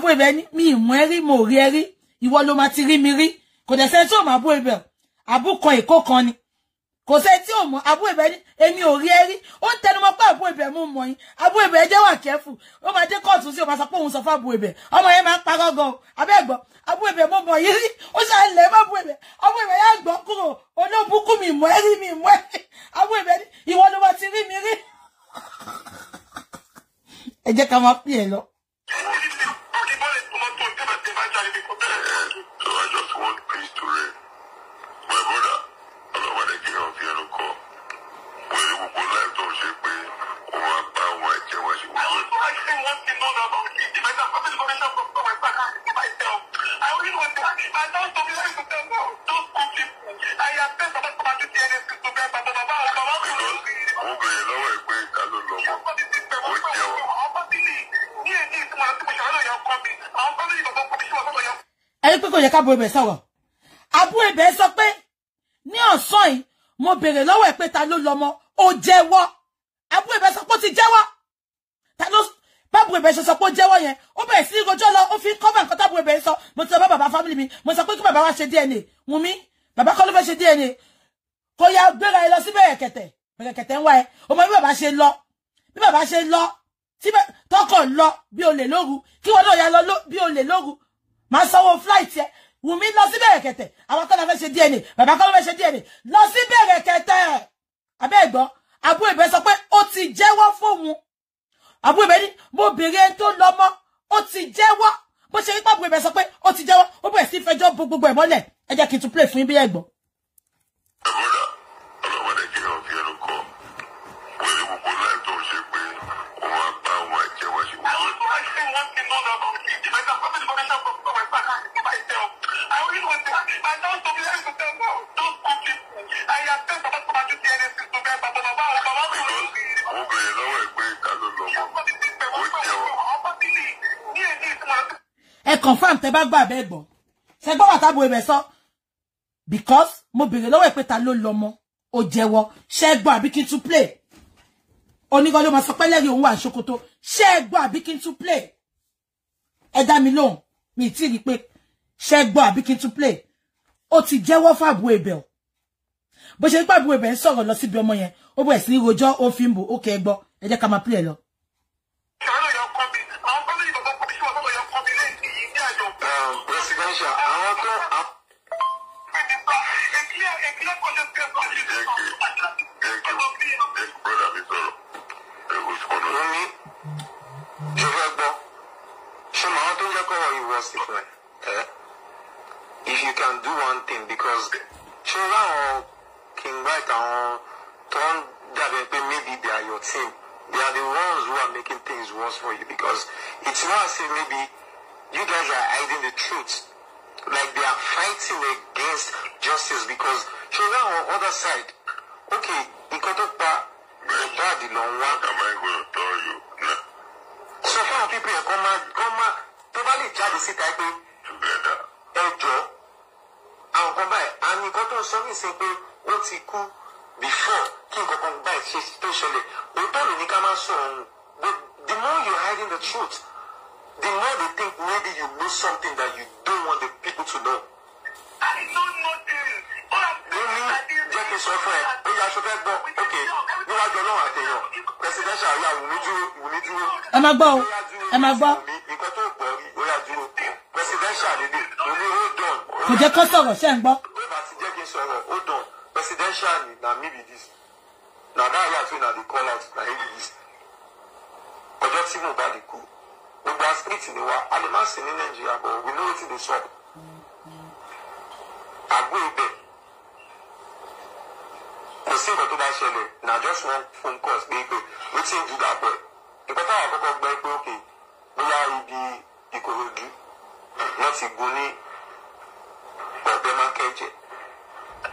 bú ibẹ̀ ní mi ìmú ẹ rí mo rí ẹ rí ìwọ ló máa ti rí mi rí kò dẹ̀ sẹ́ni tí ò máa bú ibẹ̀ àbú kan èkó kan ni kò sẹ́ni tí ò mọ̀ àbú ibẹ̀ ní èmi ò rí ẹ rí ó ń tẹnumọ́ pé àbú ibẹ̀ mú mọ̀ yín àbú ibẹ̀ jẹ́ wà kẹ́fù ó máa dé kóòtù sí ó máa sọ pé òun sọ fún àbú ibẹ̀ ọmọ yẹn máa ń parọ́ gan abẹ́gbọ́ àbú ibẹ̀ mú mọ̀ yín rí ó ṣàlẹ̀ mọ́ àbú ibẹ̀ àbú ibẹ̀ yá gbọ́ kúrò olóbùkú mi mọ̀ ẹ́ mi mọ̀ ẹ́ àbú ibẹ̀ ní ìwọ ló máa ti rí mi rí ẹ jẹ́ ká máa pín ẹ lọ. want to know about it. If I can find information from somewhere, I can see myself. I only want to, I don't to be able to tell no, those cool people. I am best about to manage the NSC to be able to know about it. Mo bèrè lọ́wọ́ ẹ̀ pé ìta ló lọ mọ́, ó jẹun. Àwọn ní èdè ìtumọ̀ àti ìṣòro náà kọ́ mi, àwọn bọ́sí ni bàbá kọ́ mi ṣé wọ́n sọ́dọ̀ yàn. Ẹ pé kò yẹ ká bo ibẹ̀ sọ̀rọ̀. Àbú ibẹ̀ sọ pé ní ọ̀sán yìí mo bèrè lọ́wọ́ ẹ̀ pé ta ló lọ ó jẹ́wọ́. Àbú ibẹ̀ sọ pé ó ti jẹ́wọ́ tábù ìbẹ̀ ṣe sọ pé ó jẹ́wọ́ yẹn ó bẹ̀rẹ̀ sí ìgojọ́ lọ ó fi cover nǹkan tábù ìbẹ̀ sọ mo ti sọ bá bàbá family mi mo sọ pé kí bàbá wa ṣe DNA Wunmi bàbá kọ́ ló fẹ́ ṣe DNA kó ya gbéra ẹ lọ sí bẹ̀rẹ̀ kẹ̀tẹ̀ bẹ̀rẹ̀ kẹ̀tẹ̀ ń wá ẹ o mọ bí bàbá ṣe lọ bí bàbá ṣe lọ tí tọkọ̀ lọ bí olè lóru kí wọn náà ya lọ bí olè lóru máa sanwó flight yẹ Wunmi lọ sí bẹ̀rẹ̀ kẹ̀tẹ̀ àwọn kọ́ ló fẹ́ ṣe DNA bàbá kọ́ ló fẹ́ ṣe DNA lọ sí bẹ̀rẹ̀ kẹ̀tẹ̀ abẹ́ ẹ̀gbọ́n àbúrò ìbẹ́ sọ pé ó ti jẹ́wọ́ fóun àbúrò ìbẹ́ ní mo bèrè ẹni tó lọ mọ́ ó ti jẹ́wọ́ bó ṣe rí pàbùrò ìbẹ́ sọ pé ó ti jẹ́wọ́ ó bẹ̀rẹ̀ sí fẹjọ́ bo gbogbo ẹ̀ mọ́lẹ̀ ẹ jẹ́ kí n tún play fún yín bí ẹ̀gbọ́n. Thank you by myself. I only was there. I now stabilize myself now. Don't cook it. I am ten bàbá tó bá tún di ẹni tuntun Ẹ confam tẹ bá gbà bẹ́ẹ̀ gbọ́. Ṣé gbọ́ wà tábò ibẹ̀ sọ? Because mo bèrè lọ́wọ́ ẹ̀ pé ta ló lọ mọ́. Ó jẹ́wọ́. Ṣé gbọ́ àbí kí n tún play? Onígan ló máa sọ pẹ́lẹ́rì òun wà ṣòkòtò. Ṣé gbọ́ àbí kí n tún play? Ẹ dá mi lóhùn mi ti rí pé ṣẹ́gbọ́ àbí kí n tún play ó ti jẹ́wọ́ fàbú ebel bó ṣe ń pàbú ebel ń sọ̀rọ̀ lọ síbi ọmọ yẹn ó bẹ̀rẹ̀ sí ní rojọ́ ó fi ń bò ó kẹ́ ẹ gbọ́ ẹ jẹ́ play lọ. towards the Eh? If you can do one thing because ṣọlá or King White àwọn tó ń maybe they are your team they are the ones who are making things worse for you because it's not as if maybe you guys are hiding the truth like they are fighting against justice because ṣọlá àwọn other side okay nǹkan Am I going to tell you? So far people come out, come out tó bá lè jáde síta pé ẹ jọ àwọn kan báyìí a ní tó ń sọ nísìnyí pé ó ti kú before kí nǹkan kan báyìí ṣe tó ṣẹlẹ̀ òótọ́ lè ní ká máa sọ òun but the more you hiding the truth the more they think maybe you know something that you don't want the people to know. I don't know things. Really? Jẹ́ kí n sọ fún ẹ, ó no aṣọ fẹ́ gbọ́, ok, níwájú ọlọ́run àtẹ̀yàn, presidential ọ̀yà wùmí dúró, wùmí dúró. Ẹ máa gbọ́ o, ẹ máa gbọ́ ṣàdédé mo ní ó kò jẹ́ kó sọ̀rọ̀ ṣẹ́ ń gbọ́. call out na him be this ọjọ́ tí mo bá dey kú gbogbo street ni wa a lè má sí ní nàìjíríà but we know wetin the sup àgbo ibẹ̀ kò sí nǹkan tó bá ṣẹlẹ̀ na just one phone call pé pé wetin do that boy nǹkan àkọ́kọ́ gbẹ́ pé ok bóyá ibi ìkòròdú wọ́n ti gun ní bàbá mákẹ́jẹ.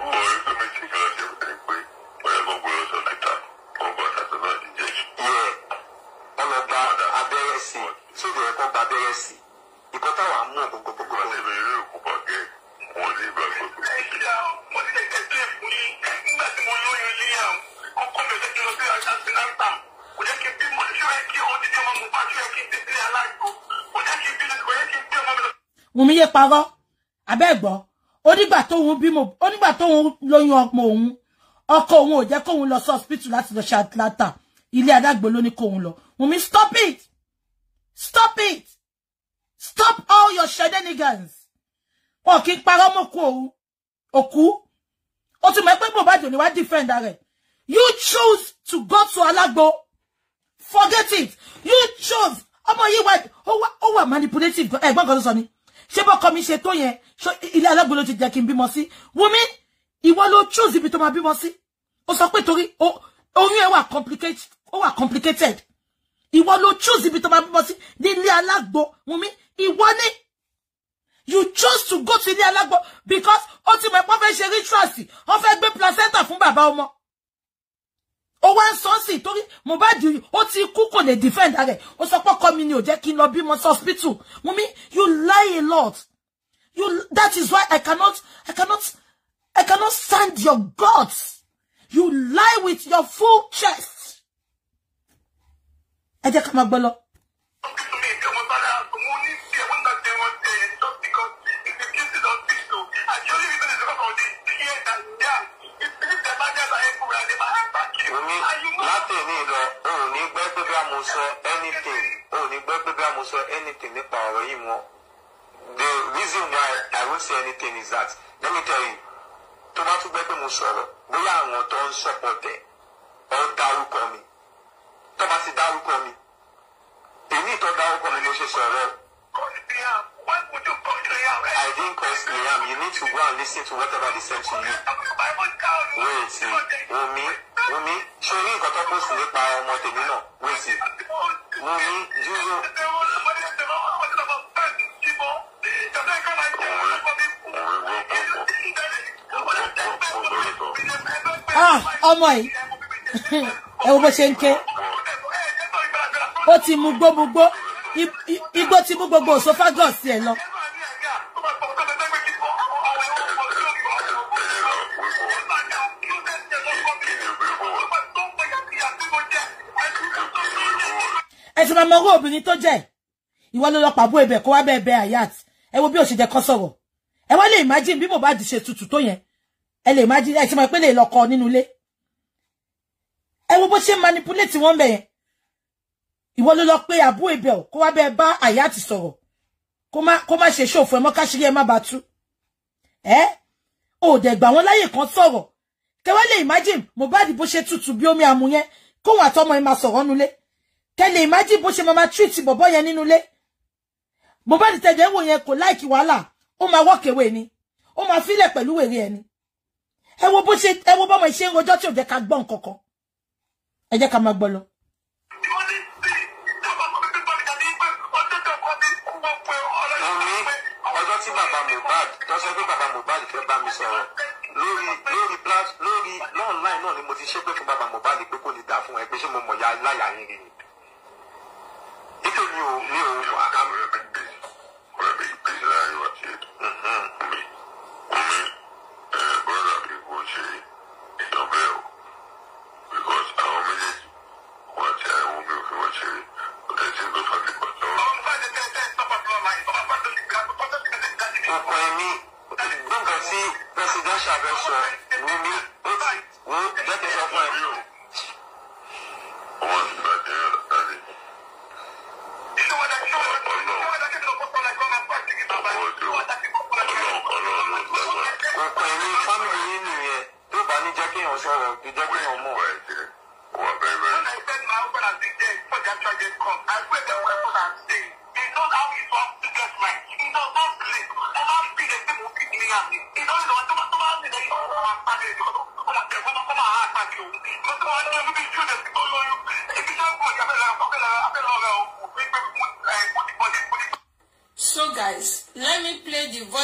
mo rí pé méjì kan ṣe é pé ọ̀yà gbogbo lọ sọ kíta ọgbà àtàtà náà ti jẹ́ sí. yẹ ọlọ gba abẹ́rẹ́ sí i sóde ẹ̀kọ́ gba abẹ́rẹ́ sí i ìkọ́ táwa mú ọ̀ gbogbogbò. wọ́n ti bẹ̀rẹ̀ ilé òkú pàgẹ́ wọn ní ìgbà gbogbo. ẹ ṣíra mo ti lè tẹ́tí ẹ̀ fún yín nígbà tí mo lóyún ilé yàwó ọkọ mi ò jẹ́ kí n lọ sí kò jẹ́ kí n bímọ mo bá Wùnmí yé parọ́ abẹ́ gbọ́ onígbà tóun bímọ onígbà tóun lóyún ọmọ òun ọkọ òun ò jẹ́ kóun lọ sí hospital láti lọ ṣe atlanta ilé adágbo ló ní kóun lọ Wùnmí stop it stop it stop all your shenanigans wọn kì í parọ́ mọ́ kú òun òkú ó ti mọ̀ pé Mohbad ni wá defend rẹ̀ you choose to go to alágbo forget it you choose ọmọ yìí wá ó wà manipulative ẹ̀gbọ́n kan tó sọ ni ṣé bọ́kọ mi ṣe tó yẹn ilé alágbo ló ti jẹ́ kí n bímọ sí Wumi ìwọ ló choose ibi tó máa bímọ sí ó sọ pé torí oyún ẹ wà complicated ó wà complicated ìwọ ló choose ibi tó máa bímọ sí ní ilé alágbo Wumi ìwọ ni you chose to go to ilé alágbo because ó ti mọ̀ ẹ̀pọ́n fẹ́ ṣe rituals ó fẹ́ gbé placenta fún bàbá ọmọ ó wá ń sọ́ọ̀sì torí Mohbad ó ti kú kò lè defend rẹ̀ ó sọ pé ọkọ mi ni ò jẹ́ kí n lọ bímọ sí hospital Wunmi you lie a lot you that is why I cannot I cannot I cannot stand your guts you lie with your full chest ẹ jẹ́ ká máa gbọ́ lọ. mo ní mùsùlùmí látẹ̀ní lọ òun ní gbẹ́ pé bí a mọ̀ sọ anything òun ní gbẹ́ pé bí a mọ̀ sọ anything nípa ọ̀rọ̀ yìí mọ́ the reason why I won't say anything is that let me tell you tó bá tún gbẹ́ pé mo sọ̀rọ̀ bóyá àwọn tó ń sọ̀pọ̀tẹ̀ ọ̀ dárúkọ mi tó bá ti dárúkọ mi èmi ìtọ́ dárúkọ mi ló ṣe sọ̀rọ̀. kọ́ni bí i Why would you call Graham? I didn't call Liam. You need to go and listen to whatever they sent to you. Wait, Wumi, Wumi, ṣé o ní nǹkan tó kó sí nípa ọmọ tèmi náà? Wait, Wumi, dúró. Ah, ọmọ yìí, ẹ wo bó ṣe ń ké, ó ti mugbó mugbó igbó ti mú gbogbo òsófágọ́s ẹ̀ lọ. ẹ̀sìn máa mọ owó obìnrin tó jẹ́ ìwọ ló lọ pàbó ẹbẹ̀ kó wá bẹ́ẹ̀ bẹ́ẹ̀ ayat ẹ wo bí ó ṣe jẹ́ kọ́ sọ̀rọ̀ ẹ wá lè imagine bí Mohbad ṣe tutù tó yẹn ẹ lè imagine ẹ ti mọ̀ pé lè lọ kọ nínú ilé ẹ wo bó ṣe manipulate wọn bẹ̀ yẹn ìwọ ló lọ pé Abu Ebel kó wá bẹ́ẹ̀ bá Hayat sọ̀rọ̀ kó má kó má ṣe ṣòfò ẹ mọ́ káṣírí ẹ má bàa tú ẹ ò dẹ̀ gbà wọ́n láyè kan sọ̀rọ̀ kẹwàá lè imagine Mohbad bó ṣe tutù bí omi àmú yẹn kóhun àtọmọ ẹ máa sọ̀rọ̀ nulẹ̀ kẹlẹ imagine bó ṣe máa treat bọ̀bọ̀ yẹn nínú ilé Mohbad tẹ̀dẹ̀ wò yẹn kò láìkí wàhálà ó máa walk away ni ó máa filẹ̀ pẹ̀lú wèrè ẹni ẹ wo bó ṣe ẹ wo bọ́mọ ìṣe ń rojọ́ tí ò jẹ́ ká gbọ́ nǹkan kan ẹ jẹ́ ká máa gbọ́ lọ. láàrin pé kò lè dà fún ẹ pé ṣé mo mọ̀ ya láyà yín rí ni. nítorí mi ò mi ò àkàmù.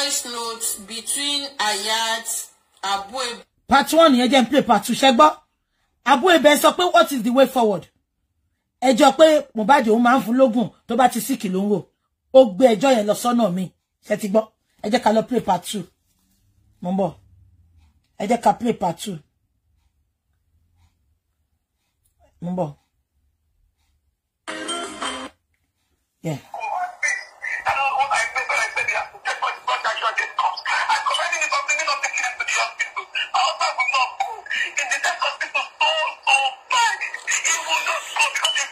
voice note between Hayat Aboebe. part one yẹn jẹ́ play part two ṣẹ́gbọ́ Aboebe sọ pé what is the way forward ẹjọ́ pé Mohbad òun máa ń fún lógún tó bá ti síkì ló ń wò ó gbé ẹjọ́ yẹn lọ sọ́nà mi ṣe ti gbọ́ ẹ jẹ́ ká lọ play part two mo ń bọ̀ ẹ jẹ́ play part two mo ń Yeah.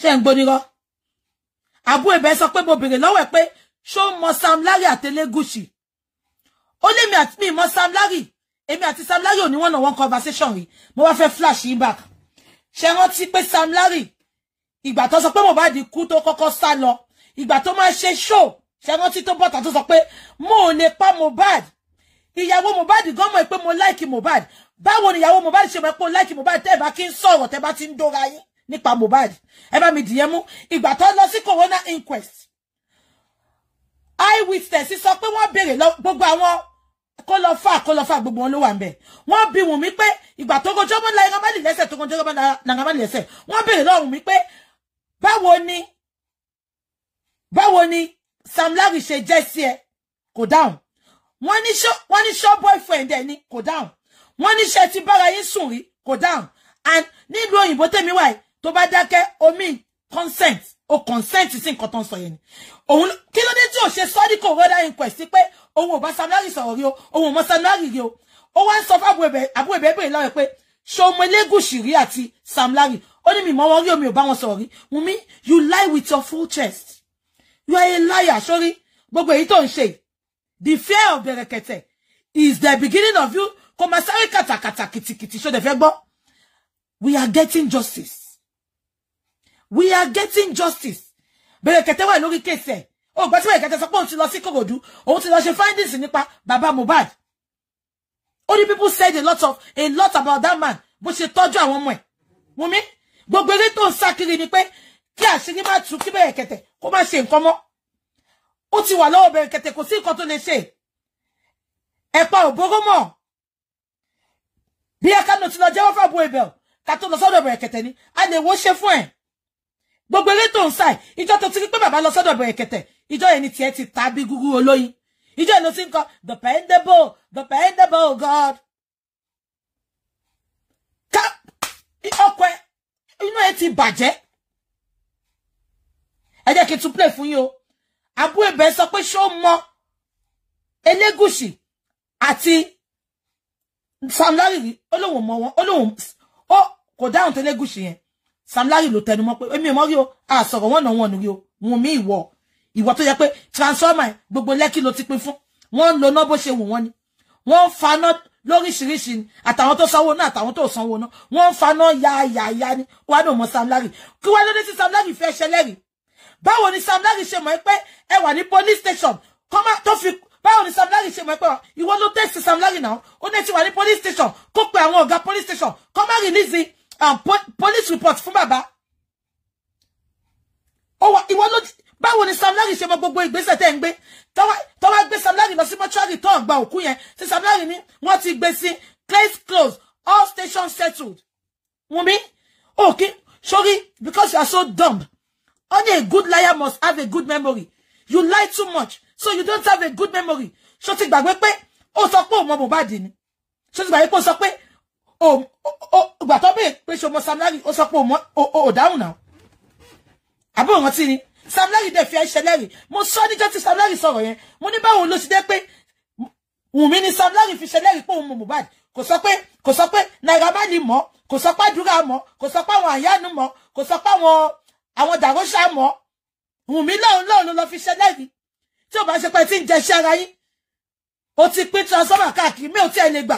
ṣé ń gbónírọ́ àbú ẹ̀bẹ̀ sọ pé mo béèrè lọ́wọ́ ẹ̀ pé ṣó mọ Sam Larry àtẹlẹ́gùsì ó lé mi àti mi mọ Sam Larry èmi àti Sam Larry ò ní one on one conversation rí mo wá fẹ́ flash yín back ṣe rántí pé Sam Larry ìgbà tó sọ pé Mohbad kú tó kọ́kọ́ sá lọ ìgbà tó máa ṣe show ṣe rántí tó bọ́ta tó sọ pé mo ò lè pa Mohbad ìyàwó Mohbad gan mọ̀ pé mo láìkì Mohbad báwo nìyàwó mobile ṣe mọ̀ pé mobile. láìkí Mohbad tẹ́ ẹ̀ bá kí ń sọ̀rọ̀ tẹ́ bá ti ń dóra yín nípa Mohbad ẹ bá mi dìyẹn mú ìgbà tó lọ sí corona inquest eyewitness sọ pé wọ́n béèrè gbogbo àwọn kó lọ fà kó lọ fà gbogbo wọn ló wà nbẹ wọ́n bi Wùnmí pé ìgbà tó gojọ mọ Naira Marley lẹ́sẹ̀ tó gojọ mọ Naira Marley lẹ́sẹ̀ wọ́n béèrè lọ Wùnmí pé báwo ni báwo ni Sam Larry ṣe jẹ́ sí ẹ kò dáhùn wọ́n ní ṣọ boyfriend ẹ ni kò dáhùn wọ́n ní ṣe ti bára yín sùn rí kò dáhùn and nílùú òyìnbó tèmi wáyé tó bá dákẹ́ omi consent o consent sí nǹkan tó ń sọ yẹn ni òun kí ló dé tí ò ṣe sọ́díkò rọ́dà inquest pé òun ò bá samlari sọ̀rọ̀ rí o òun ò mọ samlari rí o ó wá ń sọ fún àbúrò ẹ̀bẹ̀ bèrè lọ́rẹ̀ pé ṣé o mọ rí àti samlari ó ní mi mọ wọn rí omi ò bá wọn sọ̀rọ̀ rí Wunmi you lie with your full chest you are a liar Sorry, gbogbo èyí tó ń ṣe the fear of bẹ̀rẹ̀kẹ̀tẹ̀ is the beginning of you kò máa sáré kàtàkàtà kìtìkìtì ṣó dẹ̀ fẹ́ gbọ́ we are getting justice we are getting justice bẹ̀rẹ̀ kete wa lórí kéèsì ẹ̀ ó gbọ́ tí bẹ̀rẹ̀ kẹ̀tẹ́ sọ pé òun ti lọ sí kòròdú òun ti lọ ṣe only people said a lot of a lot about that man but she told you a one way gbogbo eré tó ń sá kiri ni pé kí àṣírí má tú kí bẹ̀rẹ̀ kẹ̀tẹ̀ kó má ṣe nǹkan mọ́ ó ti wà lọ́wọ́ bẹ̀rẹ̀ kẹ̀tẹ̀ kò sí nǹkan tó bí ẹ kánò ti lọ jẹ́wọ́ fàbọ̀ ebel ká tó lọ sọ́dọ̀ Bẹ̀rẹ̀kẹ̀tẹ̀ ni a lè wo ṣe fún ẹ gbogbo eré tó ń sa ẹ ìjọ tó ti rí pé bàbá lọ sọ́dọ̀ Bẹ̀rẹ̀kẹ̀tẹ̀ ìjọ yẹn ni tiẹ̀ ti ta bí gúgú olóyin ìjọ yẹn ló ti ń kọ dependable dependable oh God ká ọkọ ẹ inú ẹ ti bàjẹ́ ẹ jẹ́ kí n tún play fún yín o àbú ẹ̀bẹ̀ sọ pé ṣó mọ Elégùṣì àti Sam Larry rí olóhùn mọ wọn olóhùn ó kò dáhùn tó lẹ́gùsì yẹn Sam Larry ló tẹnu mọ́ pé èmi ò mọ̀ rí o a sọ̀rọ̀ wọn náà wọn rí o wọn mi ìwọ ìwọ tó yẹ pé transformer gbogbo lẹ́kì ló ti pín fún wọn lo náà bó ṣe wù wọn ni wọn ń faná lóríṣiríṣi ni àtàwọn tó sanwó náà àtàwọn tó sanwó náà wọn ń faná ya ya ya ni wọn náà mọ Sam Larry kí wọn lóde tí Sam Larry fẹ́ ṣẹlẹ́rìí báwo ni Sam Larry ṣe mọ̀ pé ẹ wà ní police station kọ́má tó fi báwo ni Sam Larry ṣe mọ̀ pé ìwọ ló tẹ́sí Sam Larry náà ó ní ti wà ní police station kó pe àwọn ọ̀gá police station kó má release um, police report fún bàbá ìwọ ló báwo ni Sam Larry ṣe mọ̀ gbogbo ìgbésẹ̀ tẹ́ ń gbé tọ́wọ́ gbé Sam Larry lọ sí mọ́túárì tó ọ̀gbà òkú yẹn tí Sam Larry ní wọ́n ti gbé sí case closed all stations settled Wunmi okay sorry because you are so dumb only a good liar must have a good memory you lie too much so you don't have a good memory ṣó ti gbàgbé pé ó sọ pé òun mọ Mohbad ni ṣó ti gbàgbé pé ó sọ pé ìgbà tó bèè pé ṣe ọmọ Sam Larry ó sọ Mo ò dáhùn náà àbí òun ti ni Sam Larry dẹ̀ fi ẹ̀ṣẹ̀ lẹ́rìí mo sọ níjọ́ tí Sam Larry sọ̀rọ̀ yẹn mo ní báwo ló ti dé pé Wùnmí ni Sam Larry fi ṣe lẹ́rìí pé òun Mohbad kò sọ pé kò sọ pé Naira Marley mọ̀ kò sọ pé àdúrà mọ̀ kò sọ pé àwọn àyánu mọ̀ kò sọ pé àwọn àwọn dàróṣà mọ̀ Wùnmí lóun lóun ló lọ fi ṣe tí ò bá ṣe pé tí ń jẹ iṣẹ́ ara yín o ti pín transformer káàkiri mi ò tí ẹ lè gbà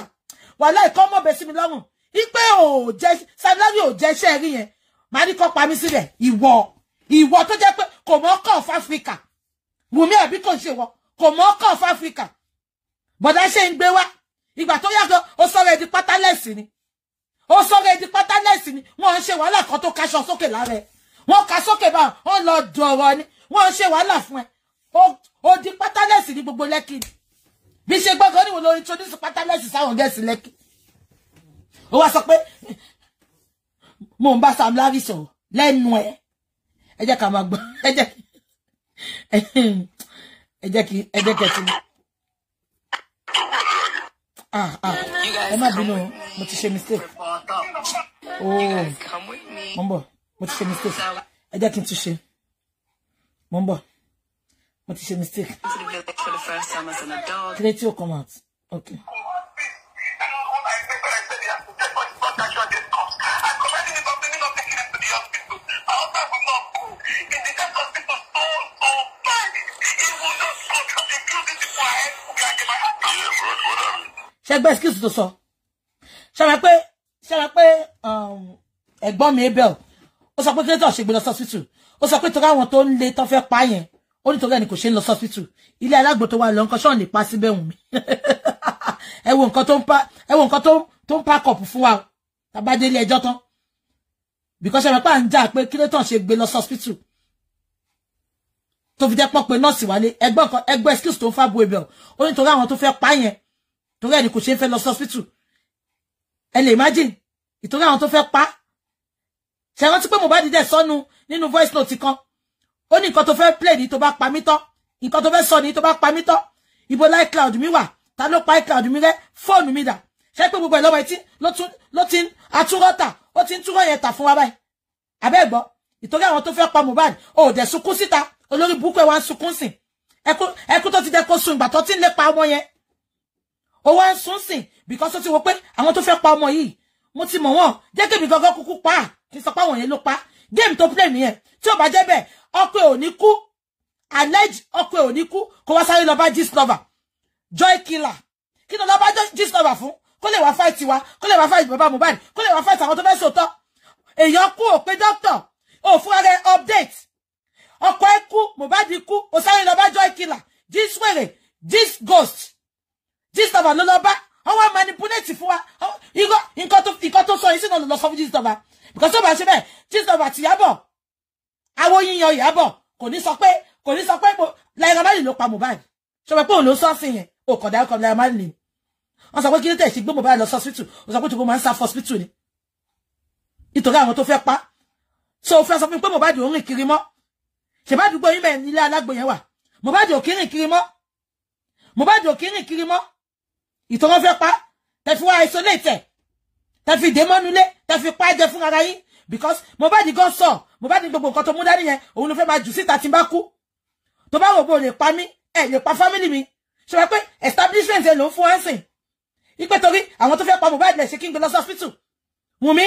wàhálà ìkọ́ mọ̀ bẹ́ẹ̀ sí mi lọ́rùn ipe ò jẹ salari ò jẹ iṣẹ́ rí yẹn màá ní kọ́ pa mí sílẹ̀ ìwọ ìwọ tó jẹ́ pé kò mọ̀ ọkọ̀ of Africa Wùmí àbí kò ṣe wọ kò mọ̀ ọkọ̀ of Africa bọ̀dá ṣe ń gbé wá ìgbà tó yàtọ̀ o sọ̀rọ̀ ẹ̀dí pátálẹ̀sì ni ó sọ̀rọ̀ ẹ̀dí pátálẹ̀sì ni wọ́n ń ṣe wàhálà kan tó kaṣọ sókè lára wọ́n ka sókè báwọn wọ́n lọ dọ̀rọ̀ ni wọ́n ń ṣe wàhálà fún ẹ odi pátálẹ́sì ní gbogbo lẹ́kì bí ṣe gbọ́dọ̀ níwò lórí tí oníṣù pátálẹ́sì sáwọn gẹ̀ẹ́sì lẹ́kì ó wá sọ pé mò ń bá Sam Larry sọ lẹ́nu ẹ̀ ẹ jẹ́ ká máa gbọ́ ẹ jẹ́ ẹ jẹ́ kí ẹ jẹ́ kẹ́tù. Ah, ah, ẹ má bínú mo ti ṣe mistake ooo oh. mo ń bọ̀ mo ti ṣe mistake ẹ jẹ́ kí n tún ṣe mo ń bọ̀ mo ti ṣe mistake. kílé tí ó come out okay. ṣẹgbẹ́ skills tó sọ ṣàmà pé ṣàmà pé ẹ̀gbọ́n mi abel ó sọ pé kí ló tọ̀ ṣe gbé lọ sọ́sítù ó sọ pé torí àwọn tó ń le tó fẹ́ pa yẹn ó nítorí ẹni kò ṣe ń lọ sọ́fítù ilé alágbò tó wà lọ nǹkan ṣọ́ọ̀nì pa síbẹ̀ wù mí ẹ wo nǹkan tó ń pa ẹ wo nǹkan tó ń pack up fún wa tàbá dé ilé ẹjọ́ tán because ẹ̀mẹ́pà ń jà pé kílétàn ṣe gbé lọ sọ́fítù tó fi jẹ́ pọ́n pé nọ́ọ̀sì wálé ẹgbẹ́ nǹkan ẹgbẹ́ excuse tó ń fàbọ̀ ebẹ̀ ó nítorí àwọn tó fẹ́ pa yẹn torí ẹni kò ṣe ń fẹ́ lọ sọ́fítù ẹ lè imagine ìtorí àwọn tó fẹ́ pa ṣẹ̀rántí pé Mohbad dẹ̀ sọ́nu nínú voice note kan ó ní nǹkan tó fẹ́ play ní tó bá pa mí tán nǹkan tó fẹ́ sọ ní tó bá pa mí tán ibo iCloud mi wà ta ló pa iCloud mi rẹ́ fóònù mi dà ṣé pé gbogbo ẹ̀ lọ́wọ́ etí ló ti ń atúrọ́ tà ó ti ń túrọ́ yẹn tà fún wa báyìí abẹ́ gbọ́ ìtorí àwọn tó fẹ́ pa Mohbad ò dẹ̀ sunkún síta olórí búkú ẹ̀ wá ń sunkún sìn ẹkú tó ti dẹ́ kó sun ìgbà tó ti ń lépa ọmọ yẹn ó wá ń sun sìn because ó ti wo pé àwọn tó fẹ́ pa ọmọ yìí mo ti mọ̀ wọ́n jẹ́ kébì gangan kúkú pa á kí sọ pé àwọn yẹn ló pa á game tó play nìyẹn tí ó bá jẹ́ bẹ́ẹ̀ ọpẹ ò ní kú allege ọpẹ ò kú kó wá sáré lọ bá gist lover joy killer kí ló lọ bá gist lover fún kó lè wá fight wa kó lè wá fight bàbá Mohbad kó lè wá fight àwọn tó fẹ́ sòótọ́ èèyàn kú ò pé doctor ò fún ara update ọkọ ẹ kú Mohbad kú ò sáré lọ bá joy killer gist wèrè gist ghost gist lover ló lọ bá ọwọ́ manipulate fún wa nǹkan tó sọ yìí sínú lọ sọ fún jíjí tọba because tó bá ṣe bẹ́ẹ̀ jíjí tọba ti yábọ̀ awo yíyan ìyábọ̀ kò ní sọ pé kò ní sọ pé Naira Marley ló pa Mohbad sọ pé òun ló sọ sí yẹn o kò dá ọkọ Naira Marley wọn sọ pé kí ló tẹ̀ sí gbé Mohbad lọ sí hospital wọn sọ pé tòun máa ń sá fún hospital ni nítorí àwọn tó fẹ́ pa so fẹ́ sọ fún mi pé Mohbad ò rìn kiri mọ́ ṣèbádùgbò yín bẹ́ẹ̀ nílé alágbó yẹn wà Mohbad ò rìn kiri mọ́ Mohbad ò rìn kiri mọ́ ìtọ́ wọn fẹ́ pa tẹ fi wá isolate ẹ̀ tẹ fi dé mọ́nulé tẹ fi pa jẹ fún ara yín because Mohbad gan sọ Mohbad gbogbo nǹkan tó mú dání yẹn òun ló fẹ́ máa jù síta tí n bá kú tó bá wò bó lè pa mí ẹ lè pa family mi ṣe wá pé establishment ẹ ló ń fún wa ń sìn ipe torí àwọn tó fẹ́ pa Mohbad lẹ̀ ṣe kí n gbé lọ sí hospital Wùmí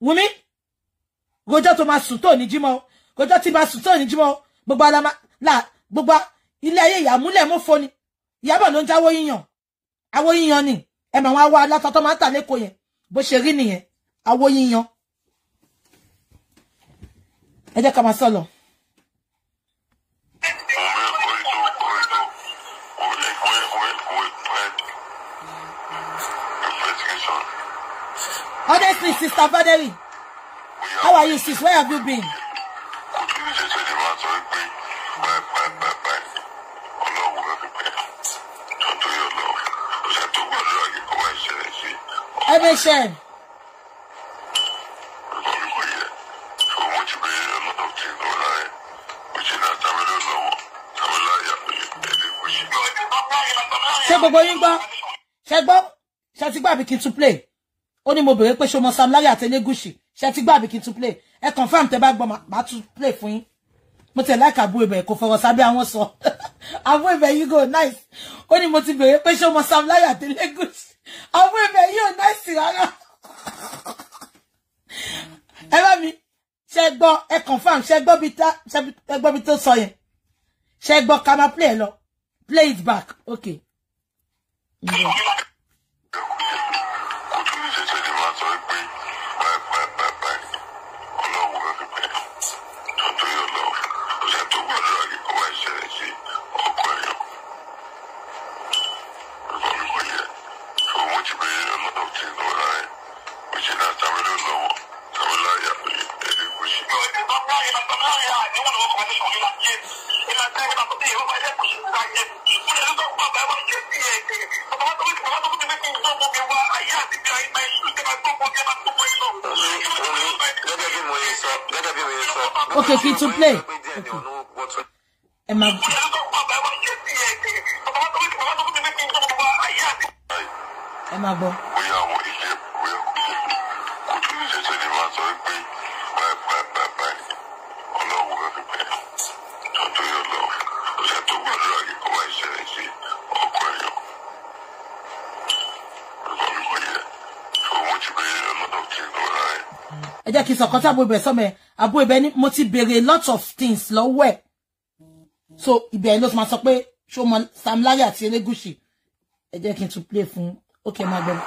Wùmí rojọ́ tó máa sùn tó ní jímọ́ rojọ́ tí máa sùn tó ní jímọ́ gbogbo alama la gbogbo ilé ayé ìyàmúlẹ̀ mọ́fọ́ ni ló ń jáwọ́ yíyan awo yíyan ni ẹ mà wá wá aláta tó máa ń tà lẹ́kọ̀ọ́ yẹn bó ṣe rí nìyẹn awo yíyan ẹ jẹ́ ká máa sọ lọ. Honestly, Sister Valerie, how are you, sis? Where have you been? information. ṣé gbogbo yín gbọ́ ṣe gbọ́ ṣe ti gbàbí kí n tún play ó ní mo bèrè pé ṣe mo Sam Larry àti Elégùṣì ṣe ti gbàbí kí n tún play ẹ confirm tẹ bá gbọ́ màá tún play fún yín mo tẹ̀ láìka àbú ibẹ̀ kò fọwọ́ sábẹ́ àwọn sọ àbú ibẹ̀ yìí go nice ó ní mo ti bèrè pé ṣe mo Sam Larry àti Elégùṣì ọwọ́ ibẹ̀ yóò náìsì rárá ẹ bá mi ṣe gbọ́ ẹ confam ṣe gbọ́ bí tá ṣe gbọ́ bí tó sọ yẹn ṣe gbọ́ ká play ẹ lọ play it back okay. Yeah. sọ kan tí àbúrò ibẹ̀ sọ́mẹ̀ àbúrò ibẹ̀ ni mo ti béèrè lot of things lọ́wọ́ ẹ̀ so ibẹ̀ ló ti máa sọ pé show mọ Sam Larry àti Elégùṣì ẹ jẹ́ kí n tún play fún ókè máa bẹ̀rẹ̀.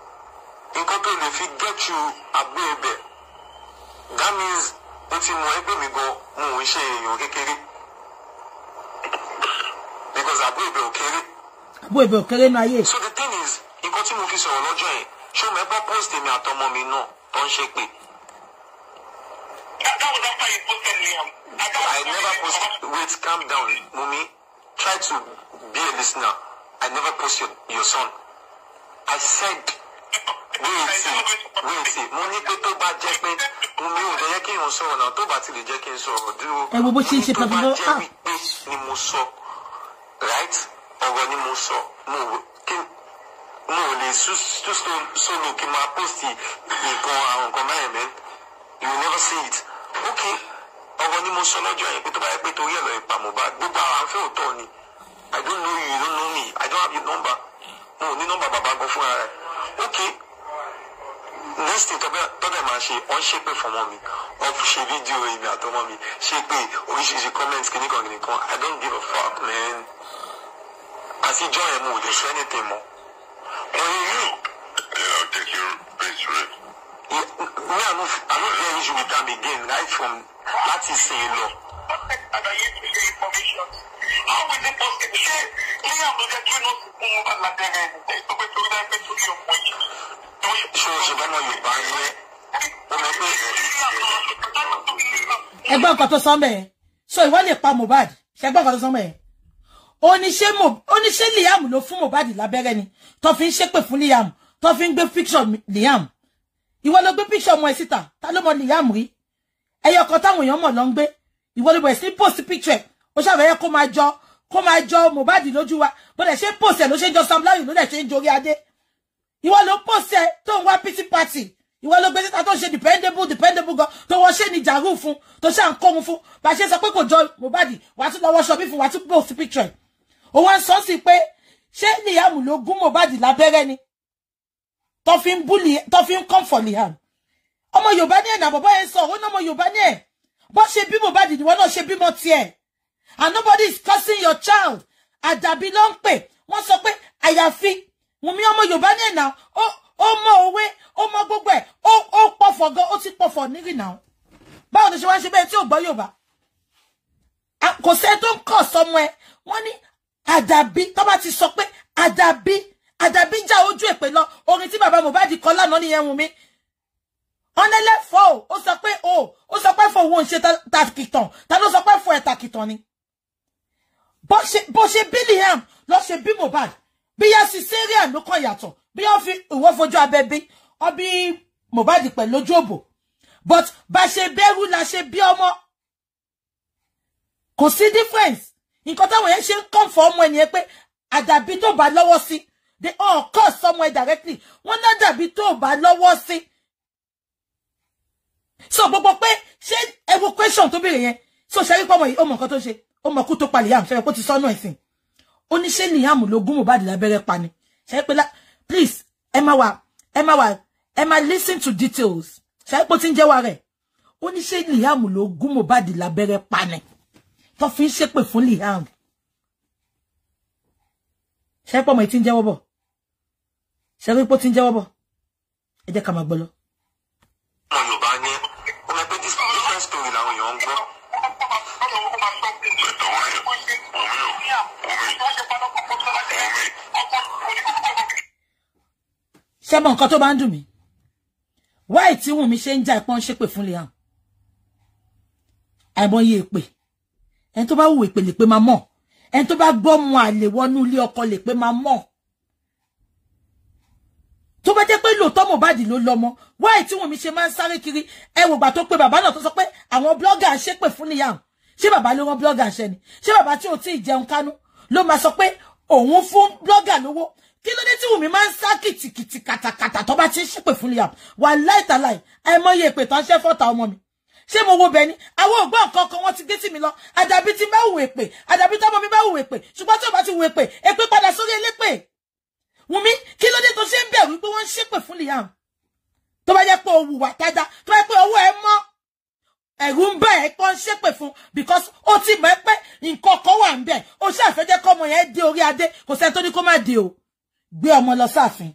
nǹkan tó lè fi get you àgbé ọbẹ̀ that means o ti because àgbé ọbẹ̀ ò kéré. àgbé ọbẹ̀ ò kéré so the thing is nǹkan tí mo fi sọ̀rọ̀ lọ́jọ́ yẹn ṣé o mẹ́gbọ́ post èmi àtọmọ mi náà tó ń ṣe pé. that was after you posted Liam. Um, I never posted wait calm down Mumi try to be a listener I never posted your son I said wíìtì mo ní pé tó bá jẹ́ pé mi ò lẹ́yẹ kí n sọ̀rọ̀ náà tó bá ti lè jẹ́ kí n sọ̀rọ̀ dúró ní tó bá jẹ́ wípé ni mo sọ right ọ̀rọ̀ ni mo sọ mo ò lè tú solo kí n máa post nǹkan àwọn nǹkan mẹ́rin mẹ́rin you never see it okay ọ̀rọ̀ ni mo sọ lọ́jọ́ yẹn pé tó bá yẹ pé torí ẹ̀ lọ ìpa Mohbad gbogbo àwọn afẹ́ òótọ́ ni I don't know you you don't know me I don't have your number mo ò ní nọ́mbà bàbá gan fúnra rẹ̀ okay next thing tọ́bẹ̀ máa ṣe ọ̀n ṣe pé fọmọ mi ọ̀n ṣe fídíò èmi àtọmọ mi ṣe pé oríṣiríṣi comment kìnnìkan kìnnìkan i don't give a fuck man àti ìjọ yẹn mo lè sọ anything mọ́. mo ní mi. you please Yeah, me i no i no get issue with am again right from láti sin lọ. àbáyé ti ṣe information how is it possible kí ló ti kún un bá ládẹ́rẹ́ ẹ̀ tó pé torí náà pé torí ọkùnrin tó ṣe òṣèlú yorùbá yẹ ó lọ pé. ẹgbẹ́ ọkọ̀ tó sọ́mọ̀ ẹ̀ so ìwọ lè pa Mohbad ṣẹgbẹ́ ọkọ̀ tó sọ́mọ̀ ẹ̀ oníṣẹ́ Liam ló fún Mohbad lábẹ́rẹ́ ni tó fi ń ṣépè fún Liam tó fi ń gbé picture Liam ìwọ ló gbé picture ọmọ ẹ̀ síta ta ló mọ Liam rí ẹyọ kan táwọn èèyàn mọ̀ ló ń gbé ìwọ ló bẹ̀rẹ̀ sí post picture ó ṣàfẹ́yẹ kó máa jọ kó máa jọ Mohbad lójú wa bó ṣe post ẹ̀ ló ṣe jọ Sam Larry ló dẹ̀ ṣe ń jorí adé ìwọ ló pòsè tó ń wá pity party ìwọ ló gbé síta tó ń ṣe dependable dependable gan tó wọ́n ṣe ni jàrú fún tó ṣe à ń kóhun fún bá a ṣe sọ pé kò jọ Mohbad wàá tún lọ́wọ́ sọ bí fún wàá tún post picture ẹ̀ òun á sọ sí pé ṣé Liam ló gún Mohbad lábẹ́rẹ́ ni tó fi ń búlì tó fi ń kàn fọ̀ Liam ọmọ Yorùbá ní ẹ̀ nà bọ́bọ́ yẹn sọ òun náà ọmọ Yorùbá ní ẹ̀ bó ṣe bí Mohbad ìwọ náà ṣe bímọ tiẹ̀ and nobody is cursing your child àdàbí ló ń pè wọ́n sọ pé àyàfi Wùmí ọmọ Yorùbá ní ẹ̀nà ó ó mọ òwe ó mọ gbogbo ẹ̀ ó ó pọ̀fọ̀ gan ó ti pọ̀fọ̀ nírì náà báwo ni ṣe wá ń ṣe bẹ́ẹ̀ tí ò gbọ́ Yorùbá kò sẹ́ tó ń kọ̀ sọmọ ẹ wọ́n ní àdàbí tó bá ti sọ pé àdàbí àdàbí já ojú èpè lọ orin tí bàbá Mohbad kọ lánàá nìyẹn Wùmí ọ̀nẹ́lẹ́fọ́ ò ó sọ pé ò ó sọ pé fún òun ṣe tàkìtàn ta ló sọ pé fún ẹ̀ tàkìtàn ni bó ṣe Billy Ham ló ṣe bí Mohbad bíyá cesarean ló kàn yàtọ̀ bíyá fi ìwọ fojú abẹ bí ọbí Mohbad pẹ̀lú ojú òbò but bá ṣe bẹ̀rù la ṣe bí ọmọ kò sí difference nǹkan táwọn yẹn ṣe ń kàn fọ ọmọ ẹnìyẹn pé àdàbí tó bá lọ́wọ́ sí they all call someone directly wọ́n náà dàbí tó bá lọ́wọ́ sí so gbogbo pé ṣé evocation tó béèrè yẹn so ṣe rí pọ́mọ yìí ó mọ nǹkan tó ṣe ó mọ kú tó palẹ̀ yà ń fẹ́ kó ti sọ́nà ẹ̀sìn ó ní ṣé Liam ló gún Mohbad lábẹ́rẹ́ pa ni ṣe pé please ẹ máa wà ẹ máa wà ẹ máa listen to details ṣe pé ó ti ń jẹ́wọ́ rẹ̀ ó ní ṣé Liam ló gún Mohbad lábẹ́rẹ́ pa ni tó fi ń ṣépè fún Liam ṣe pé ọmọ yìí ti ń jẹ́wọ́ bọ̀ ṣe pé ó ti ń jẹ́wọ́ bọ̀ ẹ jẹ́ ká máa gbọ́ lọ. ṣé mọ nǹkan tó bá ń dùn mí wáì tí wùn mi ṣe ń já ìpọ́n ṣépè fún Liam àìmọye èpè ẹni tó bá wù èpè lè pé máa mọ̀ ẹni tó bá gbọ́ mu àlè wọnú ilé ọkọ lè pé máa mọ̀ tó bá jẹ́ pé lóòótọ́ Mohbad ló lọ́mọ wáì tí wùn mi ṣe máa ń sáré kiri ẹ wògbà tó pé bàbá náà tó sọ pé àwọn blọ́gà ṣépè fún Liam ṣé bàbá ló rán blọ́gà ṣẹ ni ṣé bàbá tí ò tí ì jẹun kánú ló máa sọ pé òun fún blọ́gà lówó kí ló dé tí Wùmí máa ń sá kìtìkìtì kàtàkàtà tó bá ti ń ṣépè fún Liam wà láìtàláì àìmọye èpè tó ń ṣẹ́ fọ́ta ọmọ mi ṣé mo wo bẹ̀ ni àwọn ògbó nǹkan kan wọ́n ti dé tì mí lọ àdàbí tí bá wù èpè àdàbí tọ́mọ mi bá wù èpè ṣùgbọ́n tí ò bá ti wù èpè èpè padà sórí elépè Wùmí kí ló dé tó ṣe ń bẹ̀rù pé wọ́n ń ṣépè fún Liam tó bá jẹ́ pé o wùwà dáadáa tó bá jẹ́ pé owó ẹ mọ́ ẹ̀rù ń bẹ̀ ẹ́ pé ń ṣépè fún because ó ti mọ̀ ẹ́ pé nǹkan kan wà ń bẹ̀ ó ṣàfẹ́jẹ́ kọ́mọ yẹn dé orí adé kò sẹ́ni tó ní kó má dé o gbé ọmọ lọ sáàfin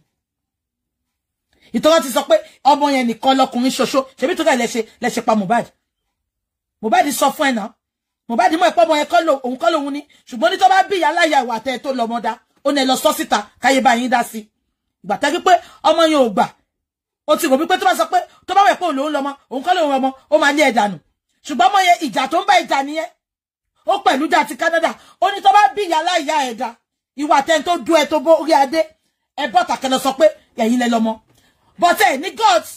ìtọ́wọ́ ti sọ pé ọmọ yẹn nìkan lọkùnrin ṣoṣo ṣebí tó dẹ̀ lẹ́ṣe lẹ́ṣe pa Mohbad Mohbad sọ fún ẹ̀ náà Mohbad mọ̀ ẹ̀pọ̀ ọmọ yẹn kọ́ lòun kọ́ lòun ni ṣùgbọ́n ní tó bá bí ìyá láyà ìwà àtẹ tó lọ́mọ dá ó nà ẹ lọ sọ síta káyé bá yín dá sí ìgbà tẹ́gí pé ọmọ yẹn ò gbà ó ti rò wípé tó bá sọ pé tó bá wẹ̀ pé òun lọ́mọ òun kọ́ lòun ọmọ ó máa lé ẹ̀ dànù ṣùgbọ́n ọmọ yẹn ìjà tó ń bá ìjà nìyẹn ó pẹ̀lú jà ti Canada ó ní tó bá bí ìyá ẹ̀dá ìwà àtẹni tó dún ẹ tó bó orí adé ẹ bọ́ tàkẹ́lọ sọ pé ẹ̀yin lẹ lọ́mọ but ẹ eh, ní gods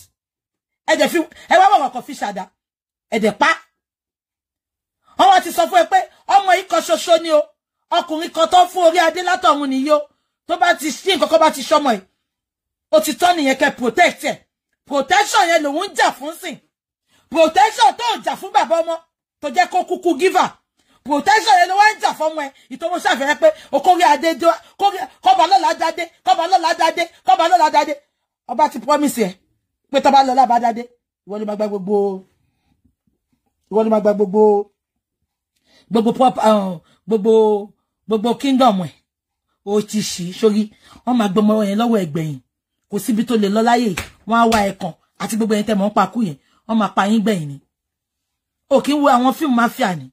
ẹ dẹ̀ fi ẹ wá wọ̀wọ̀ kọ̀ fi ṣàdá ẹ dẹ̀ pa ọwọ́ ti sọ fún ẹ pé ọmọ yìí kan ṣoṣo ni o ọkùnrin kan tó fún orí adé látọ̀run nìyí o tó bá ti ṣí nǹkan kan bá ti ṣọmọ yìí ó ti tọ́ nìyẹn kẹ́ protect ẹ̀ protection yẹn lòun ń jà fún sìn protection tó ń jà fún bàbá ọmọ tó jẹ́ kó kúkú giver protection ẹni wọ́n ń jà fọ́mọ ẹ ìtọ́wọ́ ṣàfihàn pé okòrí adé kọ́ba lọ́la dáadé kọ́ba lọ́la dáadé kọ́ba lọ́la dáadé ọba ti promise ẹ pé tọ́ba lọ́la bá dáadé ìwọ ni máa gba gbogbo ìwọ ni máa gba gbogbo gbogbo um, gbogbo gbogbo kingdom ẹ o ti ṣì sórí wọ́n máa gbọmọ yẹn lọ́wọ́ ẹgbẹ̀yìn kò síbi tó lè lọ láyè wọ́n á wá ẹ̀kan àti gbogbo ẹ̀yin tẹ́ mọ̀ ń pa kú yẹn wọ́n máa pa yín gbẹ̀yìn ni òkè ń wo àwọn fíìmù máfíà ni